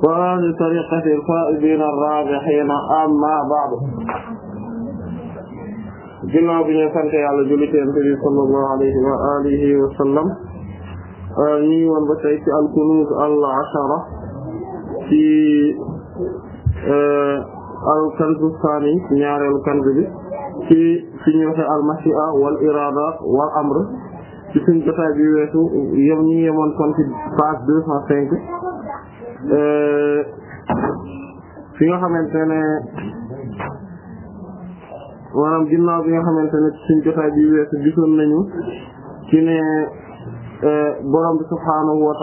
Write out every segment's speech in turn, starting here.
wa ahli tariqati al-faa'iziina ar-raabihiina ammaa ba'du ginnaaw bi ñu sant yàlla julli ci sallallahu alayhi wa alihi wa sallam euh, ñu ngi woon ba tey ci al-kunuuz al-ashara ci euh, al-kanzu saani ñaareelu kanzu bi ci ci ñu waxe al-mashi'a wal iraada wal amr ci suñu jotaay bi weesu yem ñu yemoon kon ci page deux cent cinq Euh, fi nga xamante ne maanaam ginnaaw bi nga xamante ne suñ jotaay bi weesu gisoon nañu ci ne euh, borom bi subhaanahu wa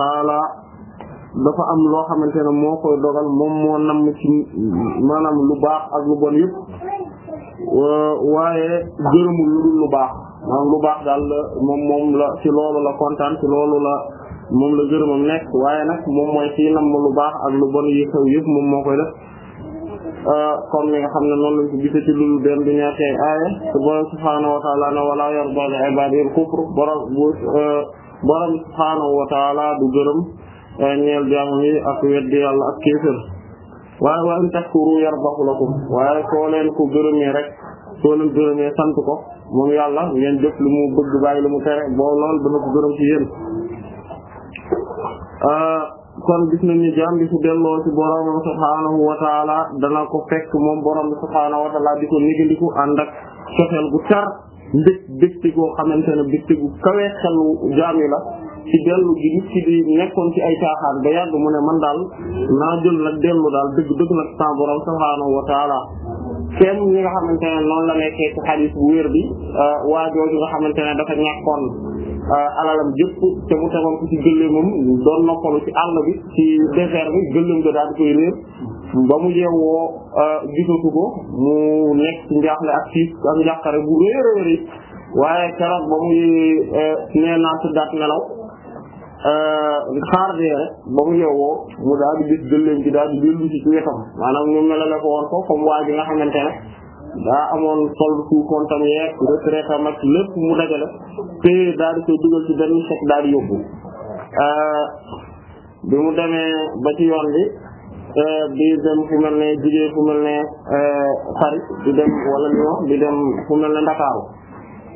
dafa am loo xamante ne moo koy dogal moom moo namm ci maanaam lu baax ak lu bon yëpp euh, waaye gërëmul lu dul lu baax maanaam baax daal moom la ci loolu la kontaan loolu la moom la gërëmam nekk waaye nag moom mooy kii nam lu baax ak lu bon yi xew yëpp moom moo koy def comme euh, ni nga xam ne noonu lañ ko gisee ci loolu benn du ñaar ay aaya te borom subhaanahu wa taala ne wala yarda li ibaadihil kufr borom euh, borom subhaanahu wa du gërëm euh, ñeel jaam yi ak weddi yàlla ak kéefër waaye wa in tashkuru yardahu waaye soo leen ko gërëmee rek soo leen gërëmee sant ko moom yàlla ngeen def lu mu bëgg bàyyi lu mu tere boo loolu Ah, kon gis nañ ni jaam bi su delloo ci borom subhaanahu wa taala dana ko fekk moom borom subhaanahu wa taala di ko négandiku ànd ak soxel gu tar mbég bégti goo xamante ne bégti gu kawee xelu jaam yi la ci dellu gi nit ci di nekkoon ci ay caaxaan ba yàgg mu ne man daal naa jël nag dellu daal dëgg dëgg nag sa borom subhaanahu wa taala kenn ñi nga xamante ne la nekkee ci xadiis bu wér bi euh, waa jooju nga xamante ne dafa ñàkkoon euh, alalam jëpp te mu tegoon ko ci gëléemam doon noppalu ci àll bi ci désert bi gëléem ga daal di koy réer ba mu yeewoo euh, gisatu ko mu nekk njaaxle ak siis ak njàqare bu réer réer waaye keroog ba muy nee naa tëddaat nelaw Euh, xaar dee rek ba mu yeewoo mu daal di gis gëléem gi daal di dellu ci ci wetam maanaam ñu melale ko woon ko comme waa ji nga xamante ne daa amoon sol su daal di dugal di yóbbu euh, bi mu demee ba ci yoon bi euh, di dem fu mel ne jigéen fu mel ne xarit di dem wala ñu wax di dem fu mel ne Ndakaaru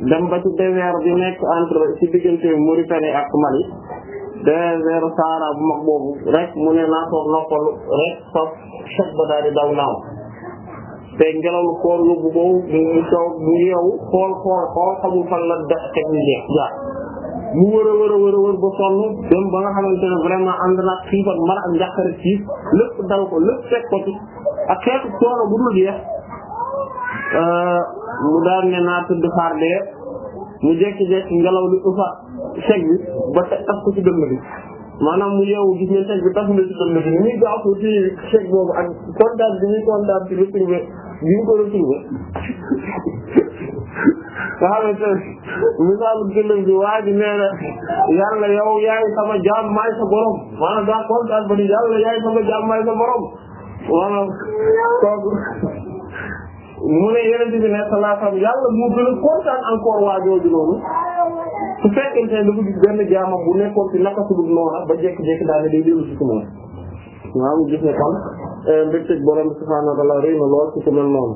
dem ba ci désert bi nekk entre ci diggante Mauritanie ak Mali désert Sahara bu mag boobu rek mu ne naa toog rek faf xet ba daw naaw te ngelaw lu koor yóbbu ko mu taw mu yeew xool xool xool xamul fan la def mu jeex jaar mu wër a wër a wër a wër ba sonn dem ba nga xamante ne vraiment ànd naag xiifat mar ak ko lépp fekk ko ci ak xeetu coono euh, mu daal ne naa tudd xaar dee mu jekki-jekki ngelaw li ufaat teg bi ba tas ko ci dënn bi maanaam mu yeewu gis ne teg bi tas na ci dënn bi muy gaaw ko ci teg boobu ak kontaan bi muy kontaan ci retrouvé bi ñu ko retrouvé nga xamante ne misaalu gëlëm bi waa ji nee na yàlla yow yaay sama jaam maay sa borom maanaam daa kontaan ba ni yàlla yaay sama jaam maay sa borom maanaam kooku mu ne yeneen bi ne sa laafam yàlla mu gën a kontaan encore waa jooju noonu su fekkente ne dafa gis benn bu nekkoon ci naka su noona ba jékki-jékki daal day dellu si ci moom maa ngi gis ne kon euh, mbégteg borom subhaanahu wa ta'ala rëy na lool ci ku mel noonu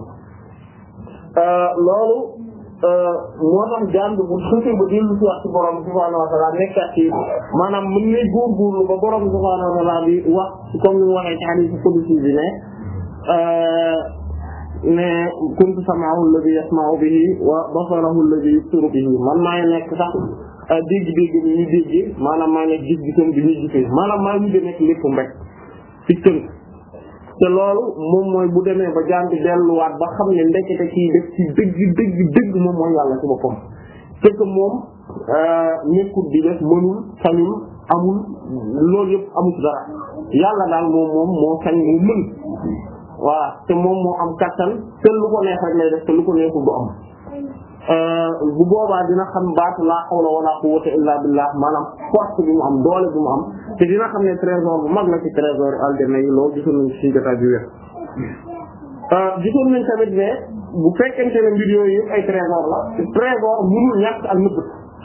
euh, loolu euh, moo tax jaam bi bu xësee ba dellu si wax ci borom subhaanahu wa ta'ala nekkaat ci maanaam mën nay góorgóorlu ba borom subhaanahu wa ta'ala bi wax comme ni mu waxee ci hadith qudsi bi ne ne kuntu sam'ahu alladhi yasma'u bihi wa basarahu alladhi yubsiru bihi man maay nekk sax ah, dégg-dégg bi ñu dégg maanaam maa nekk gis-gisam bi ñuy gisee maanaam maa ngi nekk lépp mbéy ci te loolu moom mooy bu demee ba jaam bi delluwaat ba xam ne ndekete kii def ci dëgg dëgg dëgg moom mooy yàlla ci boppam te que moom ah, nekkul di def mënul sañul amul loolu yëpp amul dara yàlla daal moom moom moo sañ mu voilà te moom moo am kattan te lu ko neex rek lay def te lu ko neexul du am euh, bu boobaa dina xam baatu laa hawla wala quwwata illa billah maanaam force bi mu am doole bi mu am te dina xam ne trésor bu mag la ci trésor aljanna yi loolu gisoon nañ ci jotaay bi wér euh, gisoon nañ tamit ne bu fekkente ne mbir yooyu yëpp ay trésor la trésor mënul ñàkk ak nëbb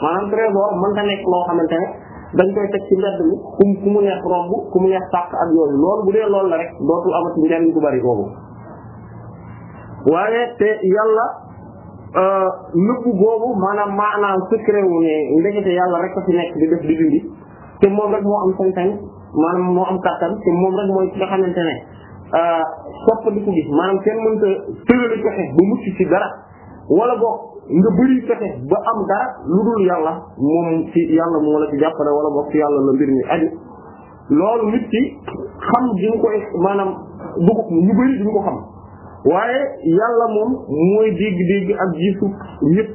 maanaam trésor mën ta nekk loo xamante ne dañ koy teg ci mbedd mi ku ku mu neex romb ku mu loolu bu dee loolu la rek dootul amati njariñ bu bari boobu waaye te yàlla euh, nëbbu boobu maanaam maanaam secret wu ne ndekete yàlla rek di di dindi te moom rek moo am sañ-sañ maanaam moo am kàttan te moom rek mooy ki nga xamante ne euh, sopp di ko gis maanaam kenn mënta tërali pexe bu dara wala boog nga bëri fexe ba am ga lu dul yàlla moom ci yàlla moo la ci jàppale wala boog ci yàlla la mbir mi aju loolu nit ki xam di ko koy maanaam dugub ñu bëri duñ ko xam waaye yàlla moom mooy dégg-dégg ak gisu ñëpp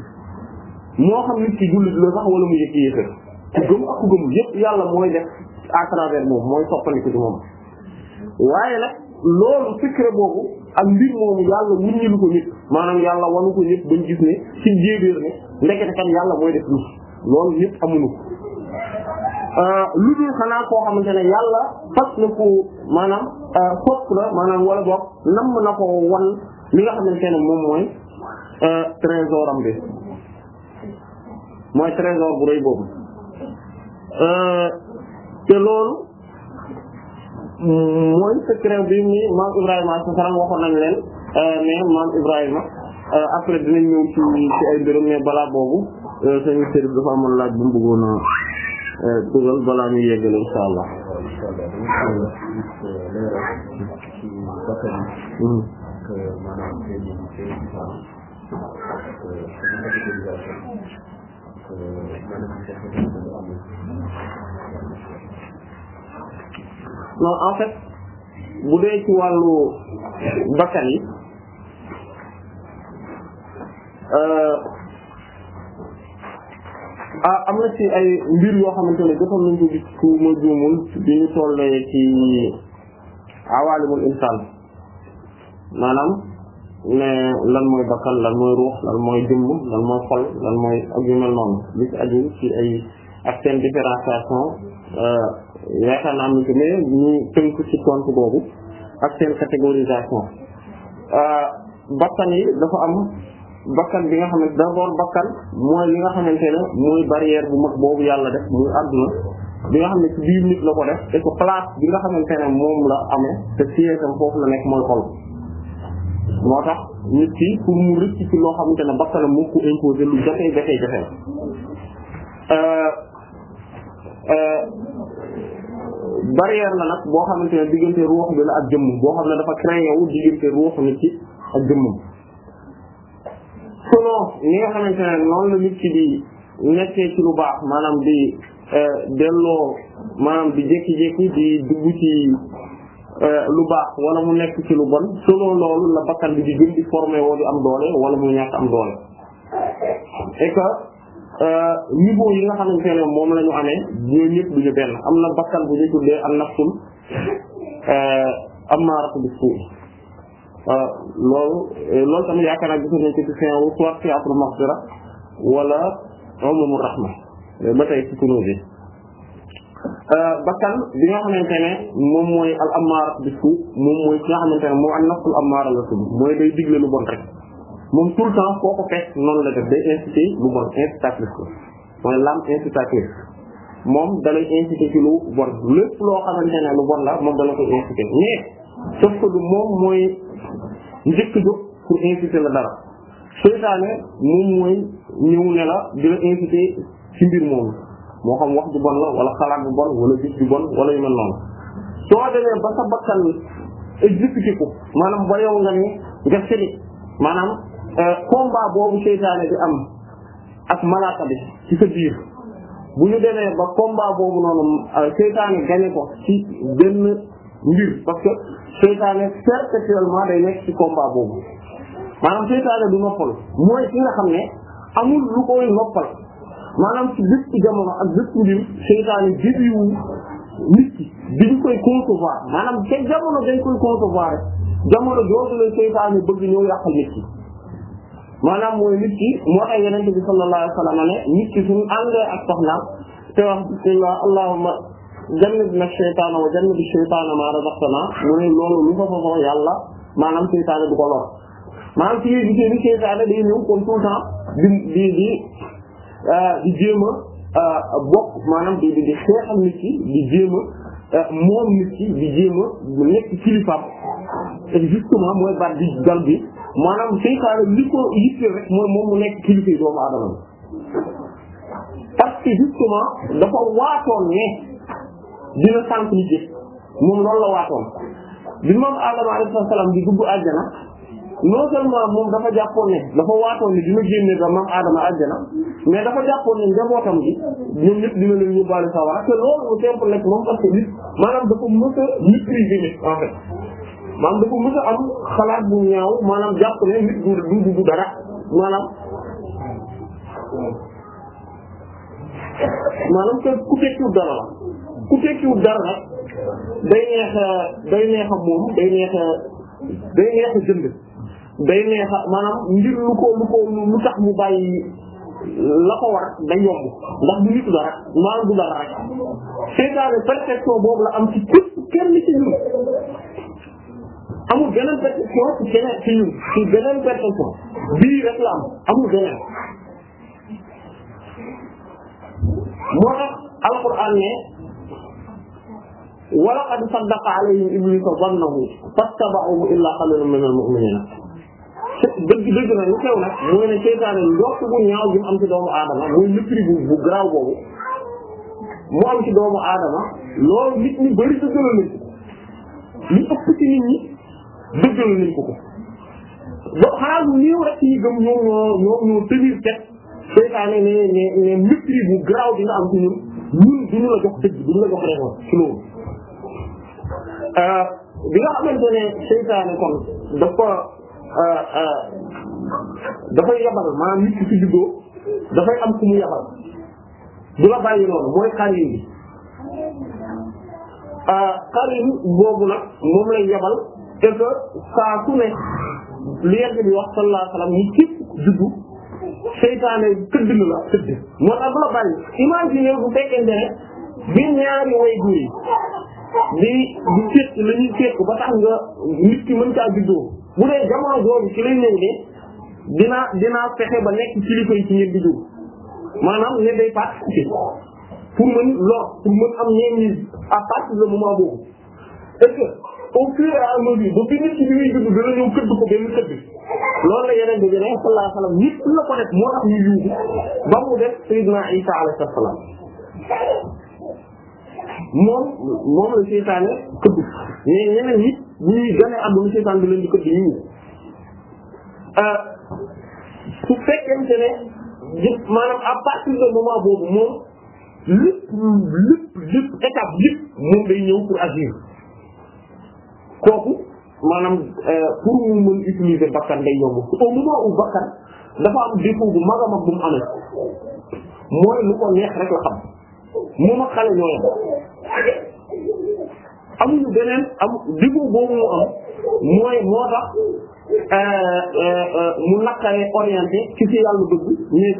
moo xam nit ki jullit la sax wala mu yëg yéefér ku gëm ak ku gëmul yëpp yàlla mooy def à travers moom mooy soppandi ko ci moom waaye nag loolu secret boobu ak mbir moomu yàlla wuññilu ko nit maanaam yàlla wanu ko nit bañ gis ne ci jéebéer ne ndekete kan yàlla mooy def nit loolu yëpp amuñu ko euh, lu dul xanaa koo xamante ne yàlla fas na ko maanaam sopp euh, na maanaam wala boog namm na ko wan li nga xamante ne moom mooy euh, trésor am bi mooy trésor bu rëy boobu te loolu mooy secret bi mi maam Ibrahima alayhi salaam waxoon nañ leen mais euh, maam Ibrahima euh, après dinañ ñëw ci ay mbirum mais balaa boobu sañu euh, sëriñ laaj a balaa ñuy yeggale insha non en fait bu dee ci wàllu bakkan yi euh, ah am na ci ay mbir yoo xamante ne jotoon nañ ko gis ku ma bi ñu tollee ci awaalimul insaan maanaam ne lan mooy bakkan lan mooy ruux lan mooy jëmm lan mooy xol lan mooy ak noonu li ci aju ci ay ak seen différenciation euh, yaakaar naa am na ci mais ñu tënk ci tontu boobu ak seen catégorisation euh, bakkan yi dafa am bakkan bi nga xam ne d'abord bakkan mooy li nga xamante ne mooy barrière bu mag boobu yàlla def muy àdduna bi nga xam ne ci biir nit la ko def et place bi nga xamante ne moom la amee te siège am foofu la nekk mooy xol moo tax nit ki pour mu rëcc ci loo xamante ne bakkanam moo ko imposé lu jafee jafee jafee euh, euh, barrière la nag boo xamante ne diggante ruux bi la ak jëmmum boo xam ne dafa créé wu diggante ruux nit ci ak jëmmum selon ni nga xamante ne noonu la nit ci di nekkee ci lu baax maanaam di eh, delloo maanaam di jékki-jékki di dugg ci eh, lu baax wala mu nekk ci lu bon selon loolu la bakkan bi di gën di formé woo di am doole wala mu ñàkk am doole et Euh, niveau yi nga xamante ne moom lañu ñu amee ñooñu ñëpp duñu benn am na bakkan bu ñu tuddee an nafsul euh, ammaaratu bisu voilà loolu euh, loolu tamit yaakaar naa gisoon ci fin wu soit fiatul maghfira wala umumur rahma ba tey ci kuno bi bakkan bi nga xamante ne moom mooy al ammaaratu bisu moom mooy ki nga xamante ne moom an nafsul ammaara la tudd mooy day digle lu bon rek moom tout le temps koo ko fekk la def day incité lu bon incitatif ko mooy l'âme incitatif moom da lay incité ci lu bon lépp loo xamante ne lu bon la moom da la koy incité mais sauf que du moom mooy njëkk jóg pour inciter la dara seytaane moom mooy la di la incité ci mbir moomu moo xam wax ju bon la wala xalaat bu bon wala gis bon wala yu mel noonu soo demee ba sa bakkan exécuté ko maanaam ba yow nga ni Euh, combat boobu seytaane bi am ak malaaka bi ci sa biir bu ñu demee ba combat boobu noonu euh, seytaane gañe ko ci benn mbir parce que seytaane perpétuellement day nekk ci combat boobu maanaam seytaane du noppal mooy ki xam ne amul lu koy noppal maanaam ci bépp jamono ak bépp mbir seytaane jëbiwu nit ki diñ koy concevoir maanaam te jamono dañ koy concevoir rek jamono jooju la seytaane bëgg ñëw yàqal nit ki maanaam mooy nit ki moo tax yonent bi sallallahu alayhi wa sallam ne nit ki suñu ànd ak soxnaam te wax bismillah allahumma jannibna shaytaana wa jannib shaytaana ma razaqtana mu ne loolu lu fa fa yàlla maanaam seytaane du ko lor maanaam ci yooyu gisee ni seytaane di di di di jéem a bokk maanaam di di di xeexal nit ki di a di jéem a nekk kilifaam et justement mooy baat bi dal bi maanaam seytaane li ko yitteel rek mooy moom mu nekk kilifa yi doomu aadama parce que justement dafa waatoon ne dina sànq nit yi moom loolu la waatoon bi moom Adama alayhi salaam di dugg àjjana non seulement moom dafa jàppoon ne dafa waatoon ne dina génne ba moom Adama àjjana mais dafa jàppoon ne njabootam gi ñoom ñëpp dina leen yóbbaale sawara te loolu simple rek moom parce que maanaam dafa mës a maîtriser nit maanaam dafa mën a am xalaat bu ñaaw maanaam jàpp ne nit du du du dara maanaam maanaam te ku tekkiwul dara la ku tekkiwul dara la day neex day neex a moom day neex a day neex a jënd day neex a maanaam ngir lu ko lu ko lu tax mu bàyyi la ko war day yomb ndax du nit dara maanaam du dara rek seetaane perception boobu la am ci képp kenn ci ñun amul beneen perception ci beneen ci ñun ci beneen perception bii rek la am amul beneen moo tax alquran ne wa laqad saddaqa alayhim iblisu zannahu fattaba'uhu illa qalilan min al-mu'minin dëgg dëgg na ñu xew a mooy ne seytaane njort bu ñaaw mu am ci doomu aadama mooy lëkkri bu bu garaaw boobu mu am ci doomu aadama loolu nit ñi bari dëgg la nit li ëpp ci nit ñi dëggal nañ ko ko ba xanaa lu néew rek ci ñi gëm ñoom ñoo ñoom ñoo tenir tête seytaane ne ne ne maîtrise bu garaaw di nga am ci ñun ñun la jox dëgg duñu du euh, euh, euh, la bàyyi noonu mooy xarin bi xarin boobu nag moom lay yabal et que saa su ne li yàgg bi wax sallallahu alayhi wa sallam ñu képp juddu seytaane tëdd na la tëdd moo tax du la bàyyi imagine bu fekkente ne bi ñaari way góor yi li ko bata la ñuy séq ba tax nga nit ki mën caa juddoo bu dee jamono jooju ci lay ñëw ne dinaa dinaa fexe ba nekk kilifa yi ci ngeen di jóg maanaam ne day participer pour mën lor pour mën am ñeen ñi à partir du moment boobu au fur et à mesure ba bi nit ci bi muy dund këdd ko benn këdd loolu la yeneen bi ne sallallahu alayhi wasallam nit la ko def moo tax ñu yuuxu ba mu def sayyidina Isa alayhi salaam moom moom la seytaane këdd mais ñeneen nit euh, moom day ñëw pour agir kooku maanaam euh, pour mu mën utiliser bakkan day yomb au moment où bakkan dafa am défaut bu mag a mag bu mu amee mooy lu ko neex rek la xam moom ak xale ñoo am défaut boobu mu am mooy moo tax euh, euh, mu naqaree orienté ci si yàlla bëgg mais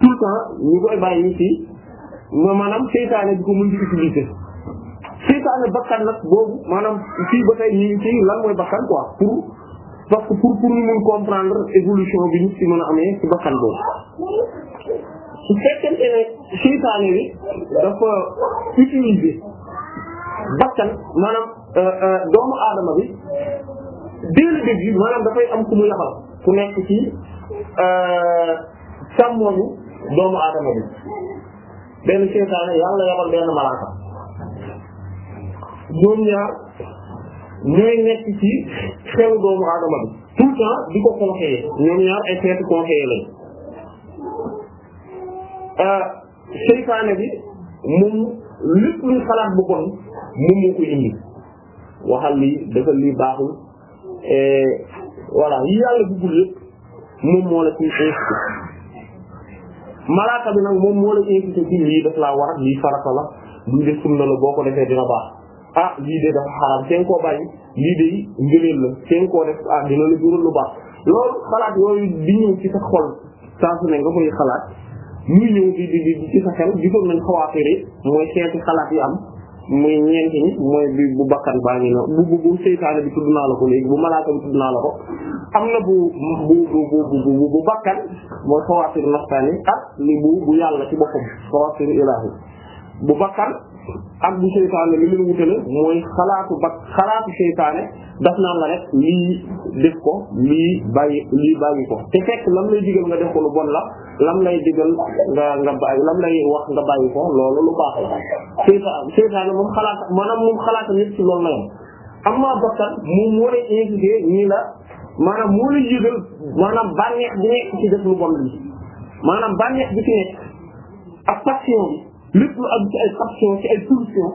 tout temps ñu koy bàyyi ci maanaam seytaane bi ko mën di utiliser seytaane bakkan nag boobu maanaam fii ba tey ñu ngi ci lan mooy bakkan quoi pour parce que pour pour ñu mun comprendre évolution bi nit ci mën a amee ci bakkan boobu su fekkente ne seytaane bi dafa utiliser bakkan maanaam euh, euh, doomu aadama bi dès le début maanaam dafay am ku mu yabal ku nekk ci sàmmoñu euh, doomu aadama bi benn seytaane yàlla yabal benn malaaka ñoom ñaar ñooy nekk ci xew doomu aadama bi tout le temps di ko conseiller ñoom ñaar ay xeetu conseiller lañ euh, seytaane bi moom lépp luy xalaat bu bon moom moo koy indi waxal lii dafa lii baaxul euh, voilà yi yàlla bëggul yëpp moom la ciy incité malaaka bi nag moom moo la incité ci lii daf laa war ak lii farata la duñ def sunna la boo ko dina baax ah lii de dafa xaraam seen koo bàyyi lii de ngëneel la seen koo def ah dina la jural lu baax loolu xalaat yooyu di ñëw ci xol saa su ne nga koy xalaat muy ñëw di di di ci sa xel gisoon nañ xawaafiri mooy xeeti xalaat yi am muy ñeenti ñi mooy bu bakkan baa ngi noonu bu bu seytaane bi tudd naa la ko léegi bu malaaka bi tudd naa la na bu bu bakkan mooy xawaafiri nafsaani ak li bu bu yàlla ci boppam xawaafiri ilaahi ak bu seytaane li leen wutale mooy xalaatu ba xalaatu seytaane daf naan la rek lii def ko lii bàyyi lii bàyyi ko te fekk lam lay digal nga def ko lu bon la lam lay digal nga nga bàyyi lay wax nga bàyyi ko loolu lu baax la seytaane seytaane moom xalaat maanaam moom xalaata nit ci loolu la yam amma bakkan moom moo maanaam moo lay yëgal maanaam bànneex bi nekk ci def lu bon lii maanaam bànneex bi ci nekk ak passion bi lépp lu am ci ay solution ci ay solution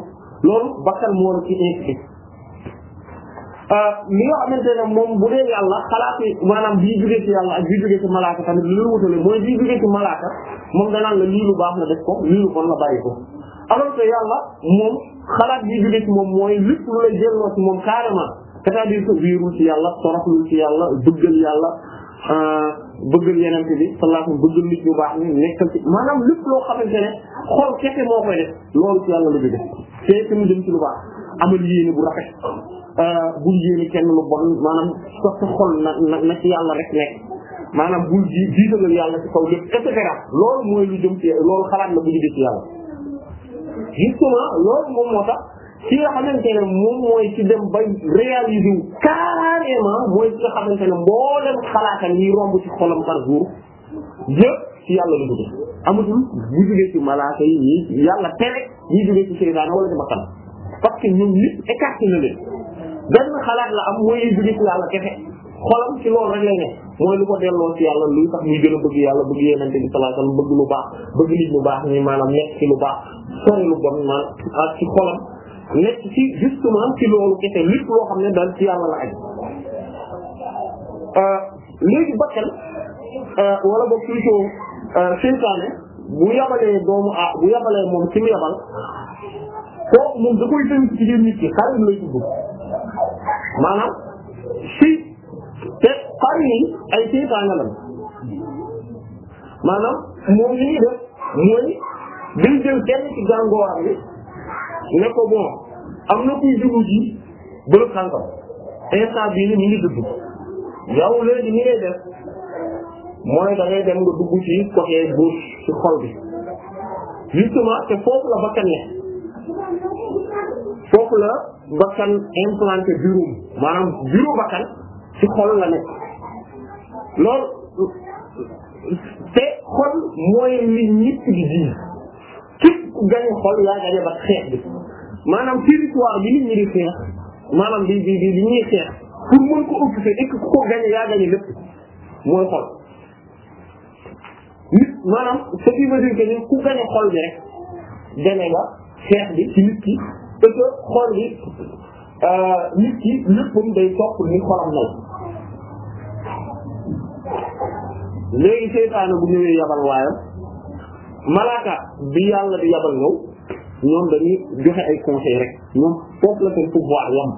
loolu bakkan moo la ci inscrit euh, li nga xamante ne moom bu dee yàlla xalaat maanaam bii jógee ci yàlla ak bii jógee ci malaaka tamit li ñu wutale mooy bii jógee ci malaaka moom danaan la lii lu baax la def ko lii lu bon la bàyyi ko alors que yàlla moom xalaat bii jógee ci moom mooy lépp lu lay jëlloo ci moom carrément c'est-à-dire que wiirul ci yàlla toroxlul yàlla duggal yàlla Euh, bëggal yeneen bi sallallahu alayhi bëggal nit ñu baax ñu nekkal ci maanaam lépp loo xamante ne xol kese moo koy def loolu ci yàlla la jóge te te mu jëm ci lu baax amal yéene bu rafet euh, bul yéene kenn lu bon maanaam sa xol na na na ci yàlla rek maanaam bul ji jiitalal yàlla ci kaw lépp et mooy lu jëm ci xalaat la bu jóge ci yàlla justement loolu moom moo tax ki nga moom mooy ci dem ba réaliser wu carrément mooy ci nga xamante ne xalaatam yi romb ci xolam par jour yëpp yàlla du jóge amatul ñu jógee ci malaaka yi yàlla tere ñu jógee ci seytaane wala ci bakkan parce que ñoom ñëpp écarté na leen benn xalaat la am mooy yi jógee ci yàlla kefe xolam ci loolu rek lay ne mooy lu ko delloo ci yàlla luy tax muy gën a bëgg yàlla bëgg yenente bi sallallahu alayhi wasallam bëgg lu baax bëgg nit lu baax ñi maanaam nekk ci justement ci loolu ne daal ci yàlla la aju euh, léegi bakkan euh, wala boog plutôt euh, seytaane bu yabalee doomu a bu yabalee moom ci mu yabal kooku moom da koy tënk ci biir nit ki xarit lay tudd maanaam si te xarit yi ay seytaane lañ maanaam moom li ñuy def mooy dañ jël kenn ci gàngooram yi ne ko bon am na kuy jublu ji bërëb sàngam instant bii ni ñu ngi dugg yow léegi ni ngay def mooy da ngay dem nga dugg ci côté gauche xol bi justement te foofu la bakkan ne foofu la bakkan implanté bureau maanaam bureau bakkan ci xol la nekk te xol mooy li nit di ji képp ku gañe xol yaa gañe ba xeex bi maanaam territoire bi nit ñi di xeex maanaam di di di ñuy xeex pour mën ko occuper et que ko gañe yaa gañe lépp mooy xol nit maanaam ce qui veut dire que ni rek gañe nga xeex bi ci nit ki et xol bi euh, nit ki léppam day topp ni xolam nal léegi seytaane bu ñëwee yabal waayam malaaka bi yàlla di yabal ñëw ñoom dañuy joxe ay conseil rek ñoom foofu la seen pouvoir yam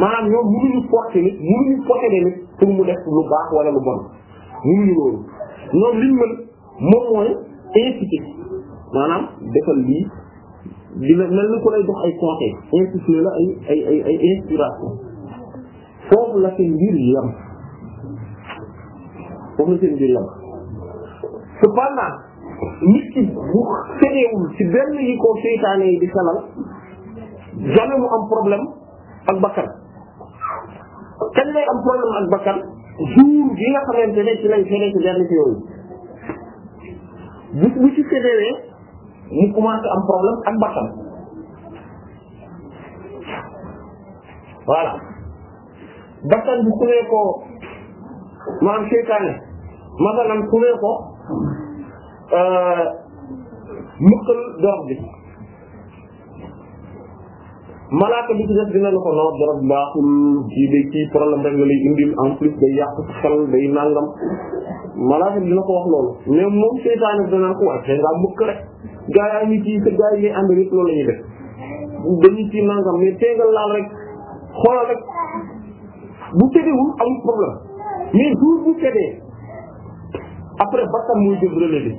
maanaam ñoom mënuñu forcer nit mënuñu posséder nit pour mu def lu baax wala lu bon mënuñu loolu ñoom liñ mën moom mooy inciter maanaam defal lii dina mel ni ku lay jox ay conseil insuffler la ay ay ay ay inspiration foofu la seen mbir yam foofu seen mbir yam cependant nit ki bu fereewul ci benn yi ko seytaane yi di xelal jamais mu am problème ak bakkan kañ am problème ak bakkan jour bi nga xamante ne ci lay fere ci benn ci yooyu bu bu ci fereewee mu commencé am problème ak bakkan voilà bakkan bu xuree ko maanaam seytaane maanaam xuree ko Euh, muqal dorob bi malaaka bi ci def dina la ko no dorob baaxul kii day kii problème rek nga lay indil xel day nangam malaaka bi dina ko wax lool mais moom seytaane dina ko wax da ngaa mukk rek gaa yaa ngi ci sa gaa yi ngay ànd yëpp loolu la ñuy def dañu ci nangam mais tegal laal rek xoolal rek bu tëddewul amul problème mais jour bu tëddee après bakkan muy jël relais bi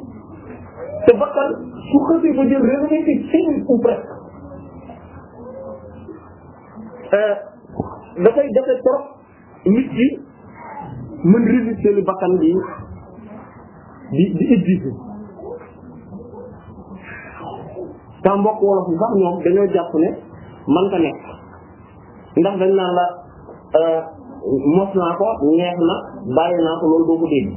te bakkan su xasee ba jël réveillé ci signe ou presque euh, dafay jafe trop nit bakkan bi di di exiger sa mbokk wolof yi sax ñoom dañoo jàpp ne man ka nekk ndax dañ naan la euh, mos naa ko neex na bàyyi naa ko loolu doo ko dégg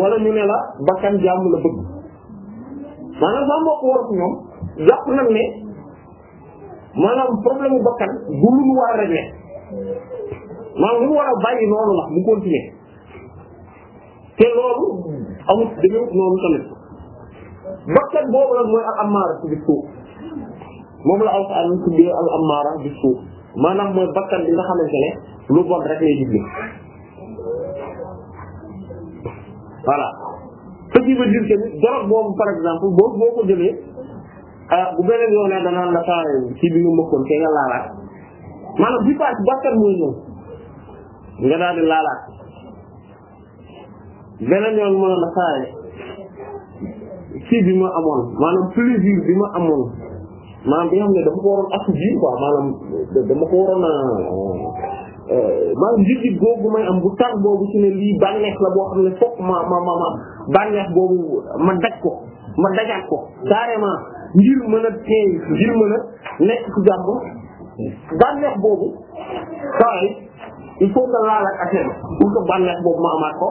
wala ñu ne la bakkan jàmm la bëgg maanaam sama ko wolof ñoom jàpp nañ ne maanaam problème bu bakkan bu lu mu war a régler maanaam lu mu war a bàyyi noonu la mu continuer te loolu amul dañoo noonu tamit bakkan boobu nag mooy al amaara bi suuf moom la alxuraan tuddee al amaara bi suuf maanaam mooy bakkan bi nga xamante ne lu bon rek lay jublu voilà. ce qui veut dire que ni dorog boobu par exemple boo boo ko jëlee ah, bu beneen yoon ne danaan la saare ci bi nga mbokkoon te nga laalaat maanaam bi paas bàkkaar mooy ñëw nga daal laalaat beneen yoon mën na la saare ci bi ma amoon maanaam plaisir bi ma amoon maanaam bi xam ne dama ko waroon assouvir quoi maanaam dama ko waroon a euh, maanaam njëg googu may am bu tar boobu ci ne lii bànneex la boo xam ne fokk ma ma ma bànneex boobu ma daj ko ma dajaat ko carrément ngir mën a teey ngir mën a nekk ci jàmm bànneex boobu saa il faut que laal ak affaire pour que bànneex boobu ma amaat ko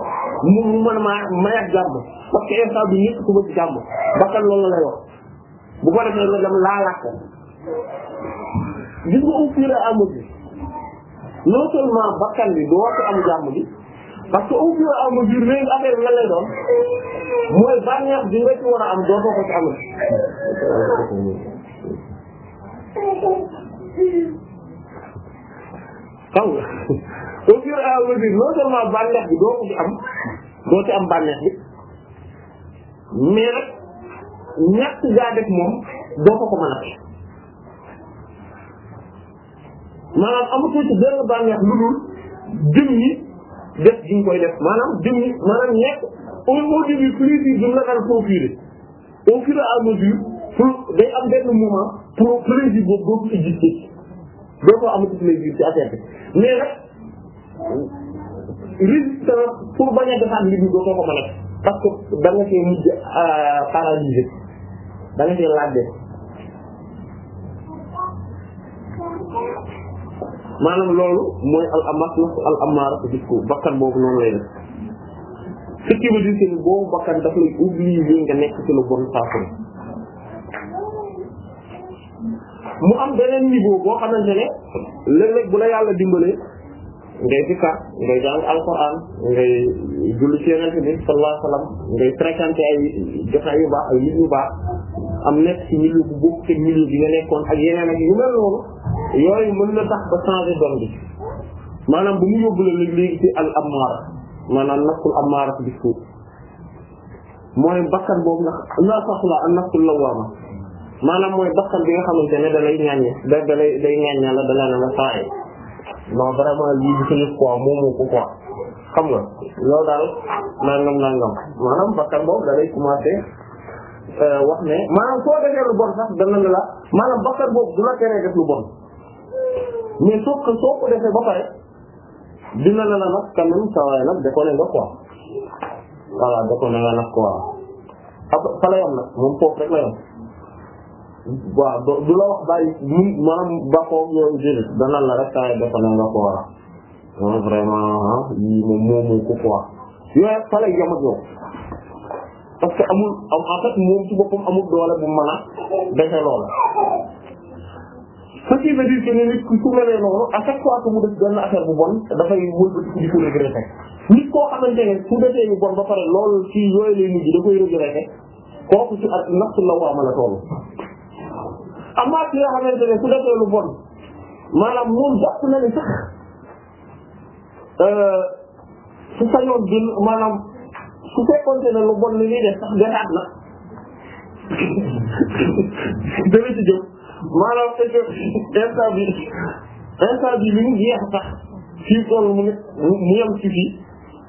mu mu mën maa mayaat jàmm parce que instant bi ñëpp ku bëgg jàmm bakkan loolu lay wax bu ko defee nga dem laalaat ko gis nga au fur et à mesure non seulement bakkan bi doo ko am jàmm bi parce que au fur et à mesure léegi affaire bi lan lay doon mooy bànneex bi nga ci war a am dootoo ko ci amul. xam nga au fur et à mesure non seulement bànneex bi doo ko ci am doo ci am bànneex bi mais nag ñàkk gaa def moom doo ko ko mën a maanaam amatoo ci benn bànneex lu dul jëm ni. def gi koy def maanaam jëmmi maanaam nekk au au début plaisir bi mu la daan procurer au mesure pour day am benn moment pour plaisir boobu dootu ci gis doo ko amati plaisir ci affaire bi mais résistance pour bañ a defaat mbir doo ko ko mën parce que da nga mujj euh, paralysé da nga see laajte. maanaam loolu mooy al amas nafsu al amaara gis ko bakkan boobu noonu lay def ce qui veut dire boobu bakkan daf lay obligé nekk ci lu bon am beneen niveau boo xamante ne léeg-léeg bu la yàlla dimbalee ngay dikkaat ngay jàng alquran ngay julli ci yonent bi sallallahu alayhi wa sallam ngay fréquenté ay jotaay yu baax ay nit yu baax am nekk ci milieu bu bokk te milieu bi nga nekkoon ak yeneen ak yu mel yooyu mën na tax ba changer doom bi maanaam bu mu yóbbu la léegi ci al ammaara maanaam nafsul ammaara bi suuf mooy bakkan boobu nga naa soxla an nafsul lawaama maanaam mooy bakkan bi nga xamante ne da lay ñaññe da da lay day vraiment lii bi xam nga loolu daal nangam nangam maanaam bakkan boobu da lay commencé euh, wax ne maanaam soo defee lu bon sax dana ne maanaam bakkan boobu du la teree def lu bon. mais soo ko soo dina la nag quand même saa waay nag déconné nga quoi voilà déconné nga du la wax mu maanaam ba ko yooyu déedéet dana la rek saa yi déconné nga quoi non vraiment ah yii moom moomu ko quoi yooyu fa la yam ak yow parce que amul ce qui veut dire que ne nit ku su melee noonu à chaque fois que mu def benn affaire bu bon dafay wëlbatiku di ko regretter nit koo xamante ne su defee yu bon ba pare loolu ci yooyu lay mujj da koy regretter kooku ci ak natt la waa ma la toll. amaa ci nga xamante ne su defee lu bon maanaam moom jàpp na ne sax euh, su sañoon gën maanaam su fekkoonte ne lu bon li ñuy def sax gënaat na dana ci jëm. maanaam c'est que instant bi instant li mu jeex sax fii mu mu yem ci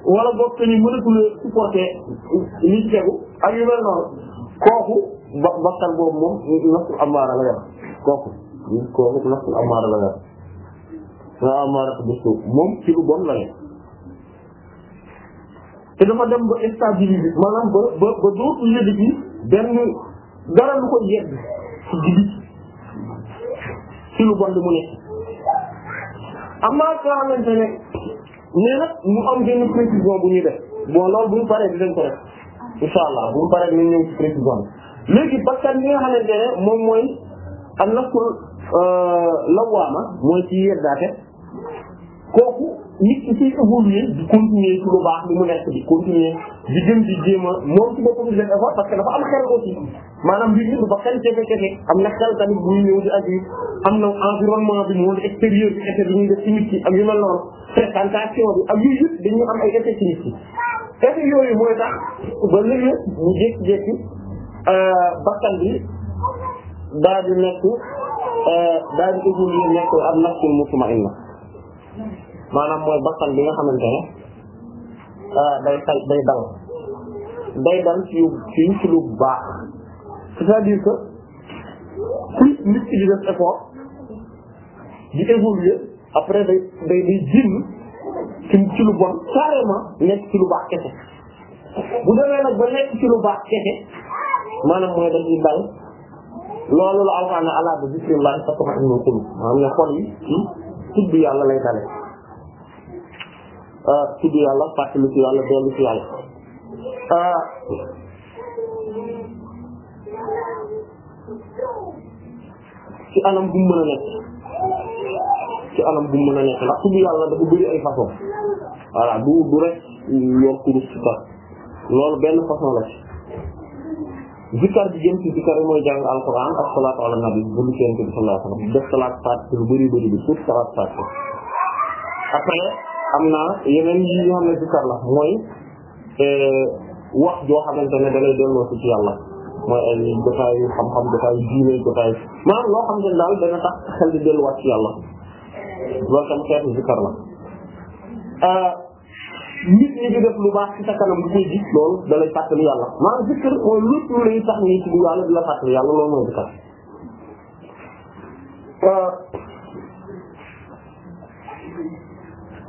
wala boog que ni mënatul a supporter li ci tegu ak yu mel noonu kooku ba bakkan boobu moom nafsul amaara la yor kooku kooku amaara la yor amaara bisu moom ci bon la yor te dafa dem ba stabiliser maanaam ba ba ba dootul yëg ci benn ci lu bon bi mu nekk amaa soo xamante ne nee nag am benn précision bu ñuy bon loolu bu ñu paree dinañ ko def incha allah bu ñu paree dinañ ñëw ci précision bi léegi bakkan bi nga xamante ne moom mooy am nafsul euh, lawaama mooy ci yeddaate kooku nit ki ciy évoluer di continuer ci lu baax li mu nekk di continuer di gën di jéem moom ci boppam def effort parce que dafa am xel aussi maanaam mbir mi du ba xel jafe jafe am na xel tamit buy ñëw di am na environnement bi monde extérieur bi effet bi ñuy def ci nit ki ak yu mel a fréquentation bi ak yooyu yëpp dañuy am ay effet ci nit ki effet yooyu mooy tax ba léegi mu jékki-jékki euh, bakkan bi daal di nekk euh, daal di évoluer nekk am nafsul mutma'inna maanaam mooy bakkan bi nga xamante ne euh, day day dal day dal ci ci ci lu baax c'est-à-dire que plus nit ki di def effort di évoluer après day day day jinn ci lu bon carrément nekk ci lu baax kese bu demee nag ba nekk ci lu baax kese maanaam mooy dañuy dal loolu la alxaan ne ala bi bismillahi tatma'innul qulub maanaam ne xol yi ci hmm, tudd yàlla lay dale ah, tudd yàlla fàttali ci yàlla dellu ci yàlla ci anam bu mën a nekk ci anam bu mën a nekk ndax tudd yàlla dafa bëri ay façon voilà du du rek yor kurus ci sax benn façon la ci zikar bi ci zikar yi mooy jàng alquran ak salaatu ala bi sallallahu alayhi wasallam def salaat faat lu bëri bëri bi pour salaat faat ne zikar la mooy wax joo xamante ne da lay delloo ci yàlla mooy ay jotaayu xam-xam jotaayu diine jotaayu maanaam loo xam ne daal dana tax xel di delluwaat ci yàlla loolu tam xeetu zikar la. Euh, nit ñi di def lu baax ci sa kanam di koy gis loolu da lay fàttali yàlla maanaam zikar mooy lu lay tax nii ci lu yàlla di la fàttali yàlla loolu mooy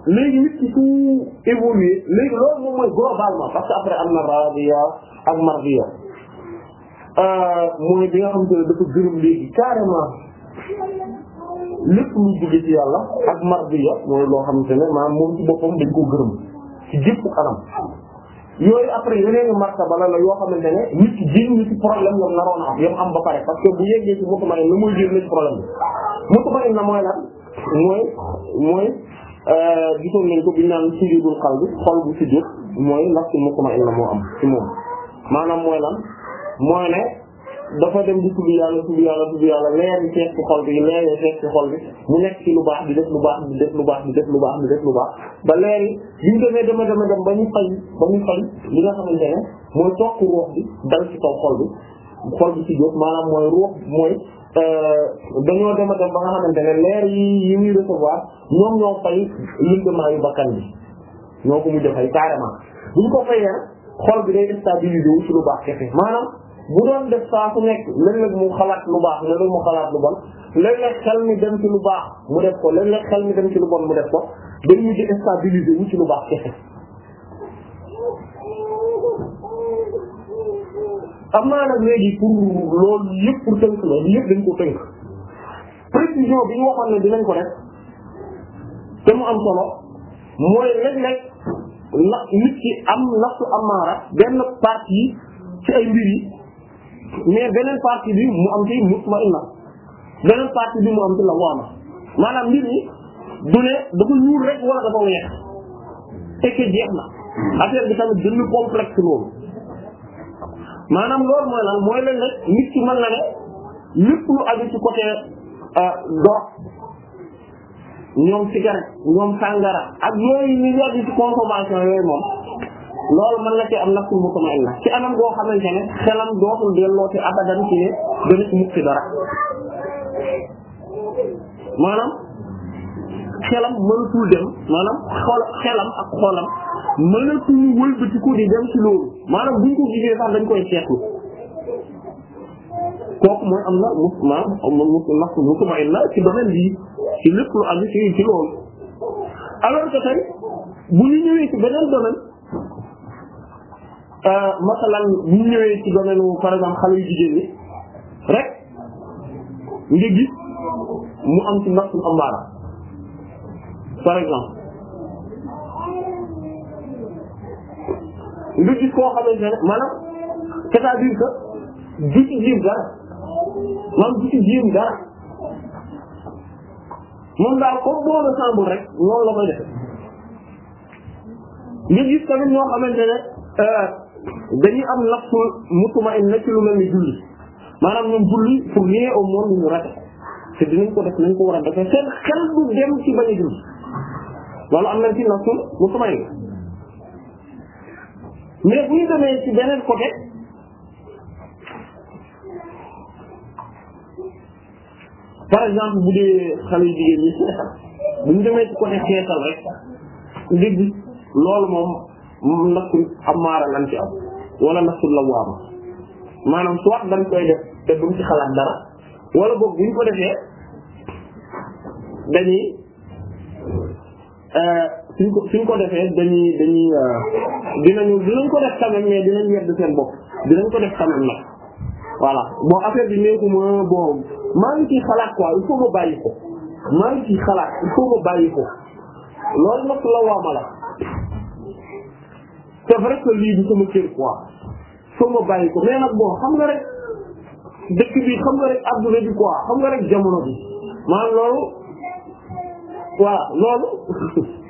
léegi nit ki su évolué léegi loolu moom mooy globalement parce que après am na radia ak mardia euh, mooy bi nga xam te ne dafa gërëm léegi carrément lépp lu jóge ci yàlla ak mardia mooy loo xam te ne maanaam moom ci boppam dañ ko gërëm ci jëpp anam yooyu après yeneen martaba la la yoo xamante ne nit ki jéem na ci problème yam naroon am yam am ba pare parce que bu yeggee ci mutmain na mooy jéem na problème bi mutmain na mooy lan mooy mooy Euh, gisoon nañ ko bi ñu naan sujudul qalbi xol bu sujud mooy nafsul mutma'inna moo am ci moom maanaam mooy lan mooy ne dafa dem di tudd yàlla tudd yàlla tudd yàlla leer yi fees ci xol bi leer yi fees ci xol bi mu nekk ci lu baax di def lu baax di def lu baax di def lu baax di def lu baax ba leer yi bi ñu demee dama dama dem ba ñu fay ba ñu fay li nga xamante ne mooy toog ruux bi dal ci kaw xol bi xol bi ci jóg maanaam mooy ruux mooy Euh, dañoo dem a dem ba nga xamante ne leer yi yi ñuy recevoir ñoom ñoo fay lëndëmaa yu bakkan bi ñoo ko mujj fay carrément bu ñu ko fayee xol bi day stabilisé wu ci lu baax kese maanaam bu doon def saa su nekk léeg-léeg mu xalaat lu baax léeg-léeg mu xalaat lu bon léeg-léeg xel mi dem ci lu baax mu def ko léeg-léeg xel mi dem ci lu bon mu def ko day mujj stabilisé wu ci lu baax kese. am naa nag pour loolu yëpp pour tënk la yëpp dañ ko tënk précision bi ñu waxoon ne dinañ ko def te mu am solo mooy léeg-léeg na nit ki am nafsu amaara benn partie ci ay mbir yi mais beneen partie bi mu am ci mutmainna beneen partie bi mu am ci la waama maanaam mbir du ne dafa ñuul rek wala dafa weex et que jeex na affaire bi tamit dañu complexe loolu maanaam loolu mooy lan mooy lan nag nit ki mën na ne lépp lu aju ci côté euh, dox ñoom cigarette ñoom sàngara ak yooyu ñu yàgg ci consommation yooyu moom loolu mën na ci am nafsul mutma'inna ci anam goo xamante ne xelam dootul delloo ci abadan ci ne dana ci dara maanaam xelam mënatul dem maanaam xelam ak xolam mënatul wëlbatiku di dem ci loolu maanaam buñ ko gisee sax dañ koy seetlu kooku mooy am na musma naf mutmainna ci domaine bi ci lépp lu am ci ci loolu alors que tey bu ñu ñëwee ci beneen domaine euh, masalan bu ñu ñëwee ci domaine par exemple xale yu jigéen rek nga gis mu am ci nafsul ammaara par exemple nga gis koo xamante ne maanaam c'est-à-dire ci jiim dara maanaam du jiim dara moom daal comme boo ressemble rek loolu la koy defe nga gis tamit ñoo xamante ne euh, dañuy am nafsul mutma'inna ci lu mel ni julli maanaam ñoom julli pour rien au monde ñu rate te dinañ ko def nañ ko war a defee seen xel du dem ci bañ a julli loolu am nañ ci nafsul mutma'inna mais bu ñu demee ci beneen côté par exemple bu dee xale jigéen ñi xeexal bu ñu demee ci côté xeexal rek dégg loolu moom nafsul amaara lan ci am wala nafsul lawaama maanaam soit dañ koy def te duñ ci xalaat dara wala boog bu ñu ko defee dañuy. Euh, suñ ko suñ ko defee dañuy dañuy euh, dinañu dinañ ko def tamit mais dinañ yedd seen bopp dinañ ko def tamit nag voilà bon affaire bi nekkuma bon maa ngi ciy xalaat quoi il faut ma bàyyi ko maa ngi ciy xalaat il faut ma bàyyi ko loolu nag la waama la c'est vrai que lii bi sama kër quoi faut ma bàyyi ko mais nag bon xam nga rek dëkk bi xam nga rek adduna bi quoi xam nga rek jamono bi maanaam loolu voilà loolu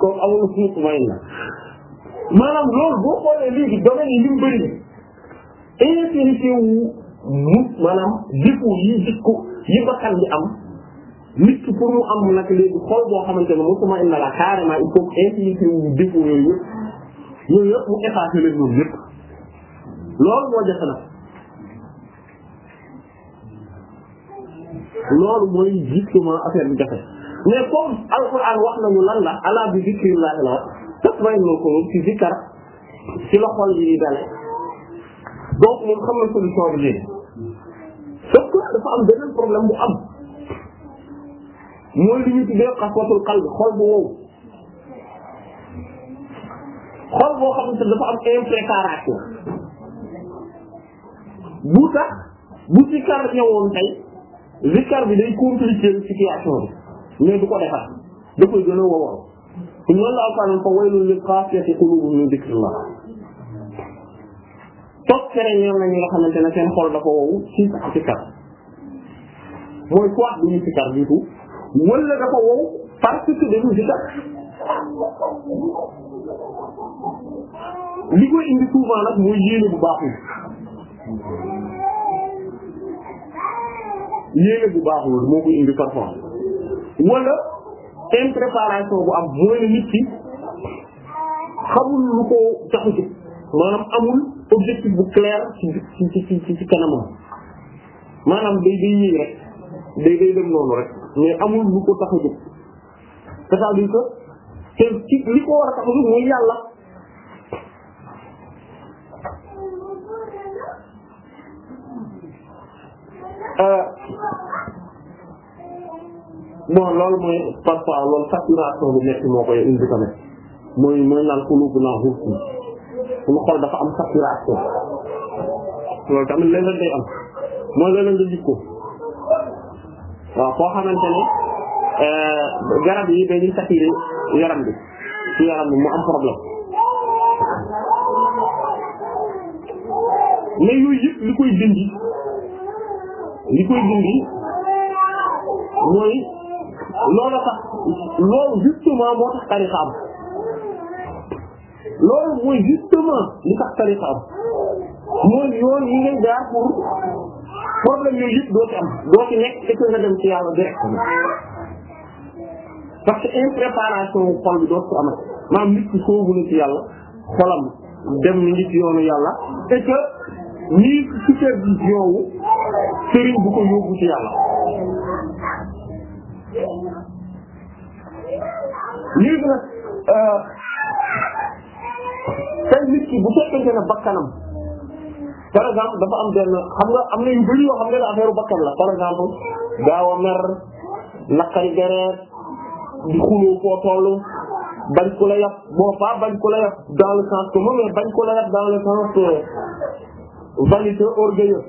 comme amul suuf may na maanaam loolu boo xoolee léegi domaine yi li bëri mu maanaam jikko yi jikko yi bakkan bi am nit ki pour am nag léegi xol boo xamante ne mosuma inna la carrément il faut infinité wu jikko yooyu yooyu yëpp mu effacé leen loolu yëpp loolu moo jafe nag loolu mooy justement affaire bi jafe mais comme alquran wax nañu lan la ala bi zikrillahi la tatma'innul qulub ci zikkar ci la xol yi dale donc moom xam na solution bi léegi sauf que dafa am beneen problème bu am mooy li ñu tuddee qaswatul xol bu wow xol boo xamante dafa am impréparation bu tax bu zikkar ñëwoon tey zikkar bi day compliquer situation bi mais du ko defar da koy gën a wowal te noonu la alquran fa waylul lil qasiyati qulubuhum min dhikrillah toog fere ñoom la ñi nga xamante ne seen xol dafa wow ci sikkar mooy soit du ñu sikkar du tout wala dafa wow parce que dañu sikkar li koy indi souvent nag mooy yéene bu baaxul yéene bu baaxul moo koy indi parfois wala impréparation bu am mooy ne nit ki lu ko taxu maanaam amul objectif bu clair ci ci ci ci kanamam maanaam day day yéeg rek day day dem noonu rek mais amul lu ko taxu ci c'est-à-dire te ci li ko war a taxu mooy yàlla euh, bon loolu mooy parfois loolu saturation bu nekk moo koy indi tamit mooy mooy naan xulubu naa xuuf suñu xol dafa am saturation loolu tamit leneen day am mooy leneen nga jikko waaw koo xamante ne euh, garab yi dañuy saturé yaram bi ci yaram bi mu am problème mais yooyu yëpp li koy dindi li koy dindi mooy loolu tax loolu justement moo tax tariqa am loolu mooy justement li tax tariqa am mooy yoon yi ngay jaar pour problème yooyu yëpp doo ci am doo ci nekk te nga dem ci yàlla directement parce que impréparation xol bi doo ko amat maanaam nit ki soobu na ci yàlla xolam dem ni ngi ci yoonu yàlla et que nii supervision wu sëriñ bu ko yóbbu ci yàlla léegi nag euh, tey nit ki bu fekkente ne bakkanam par exemple dafa am benn xam nga am na yu bëri yoo xam nga ne affaire bakkan la par exemple gaaw a mer naqari deret di xuloo foo toll bañ ku la yab bon pas bañ ku la yab dans le sens que mais bañ ku la yab dans le sens vanité orgueilleux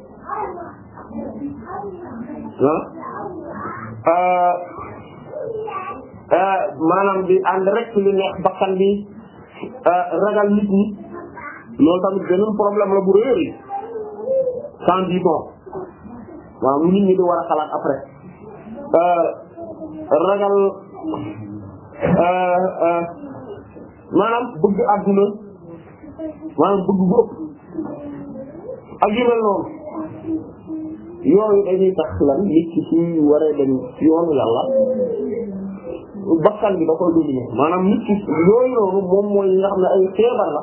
Euh, maanaam di ànd rek li neex bakkan bi euh, ragal nit ñi loolu tamit beneen problème la bu réer yi sans dire bon waaw nit ñi di war a xalaat après euh, ragal maanaam bëgg àdduna maanaam bëgg bu ëpp ak noonu yooyu dañuy tax lan nit ki ci waree dem ci yoonu yàlla bakkan bi da koy dominer maanaam moom mooy yi xam ne ay feebar la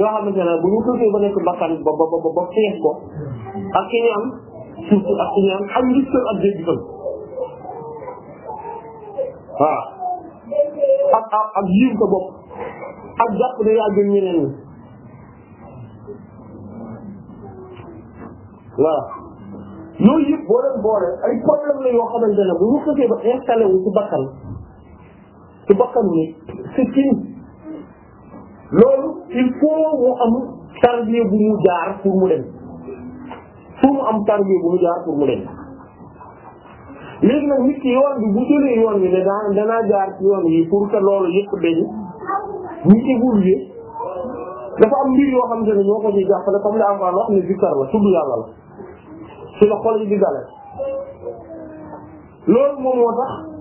yoo xamante ne bu ñu tuutee ba nekk bakkan ba ba ba ba fees ko ak ki ñu am surtout ak ki ñu ak nit ak ak ak ak ak jàpp ne yaa gën ñeneen ñi voilà yooyu yëpp boo leen boole ay problème la yoo xamante ne bu ñu tuutee ba installé wu ci ci bakkanu ni c'est fini loolu il faut mu am tarbiya bu mu jaar pour mu dem pour mu am tarbiya bu mu jaar pour mu dem léegi nag nit ki yoon bi bu jëlee yoon bi ne danaa jaar ci yoon yi pour que loolu yëpp dañu ñu évoluer dafa am mbir yoo xamante ne ñoo ko ñuy jàppale comme li Alxuraan wax ne zikkar la tudd yàlla la ci la loolu moom moo tax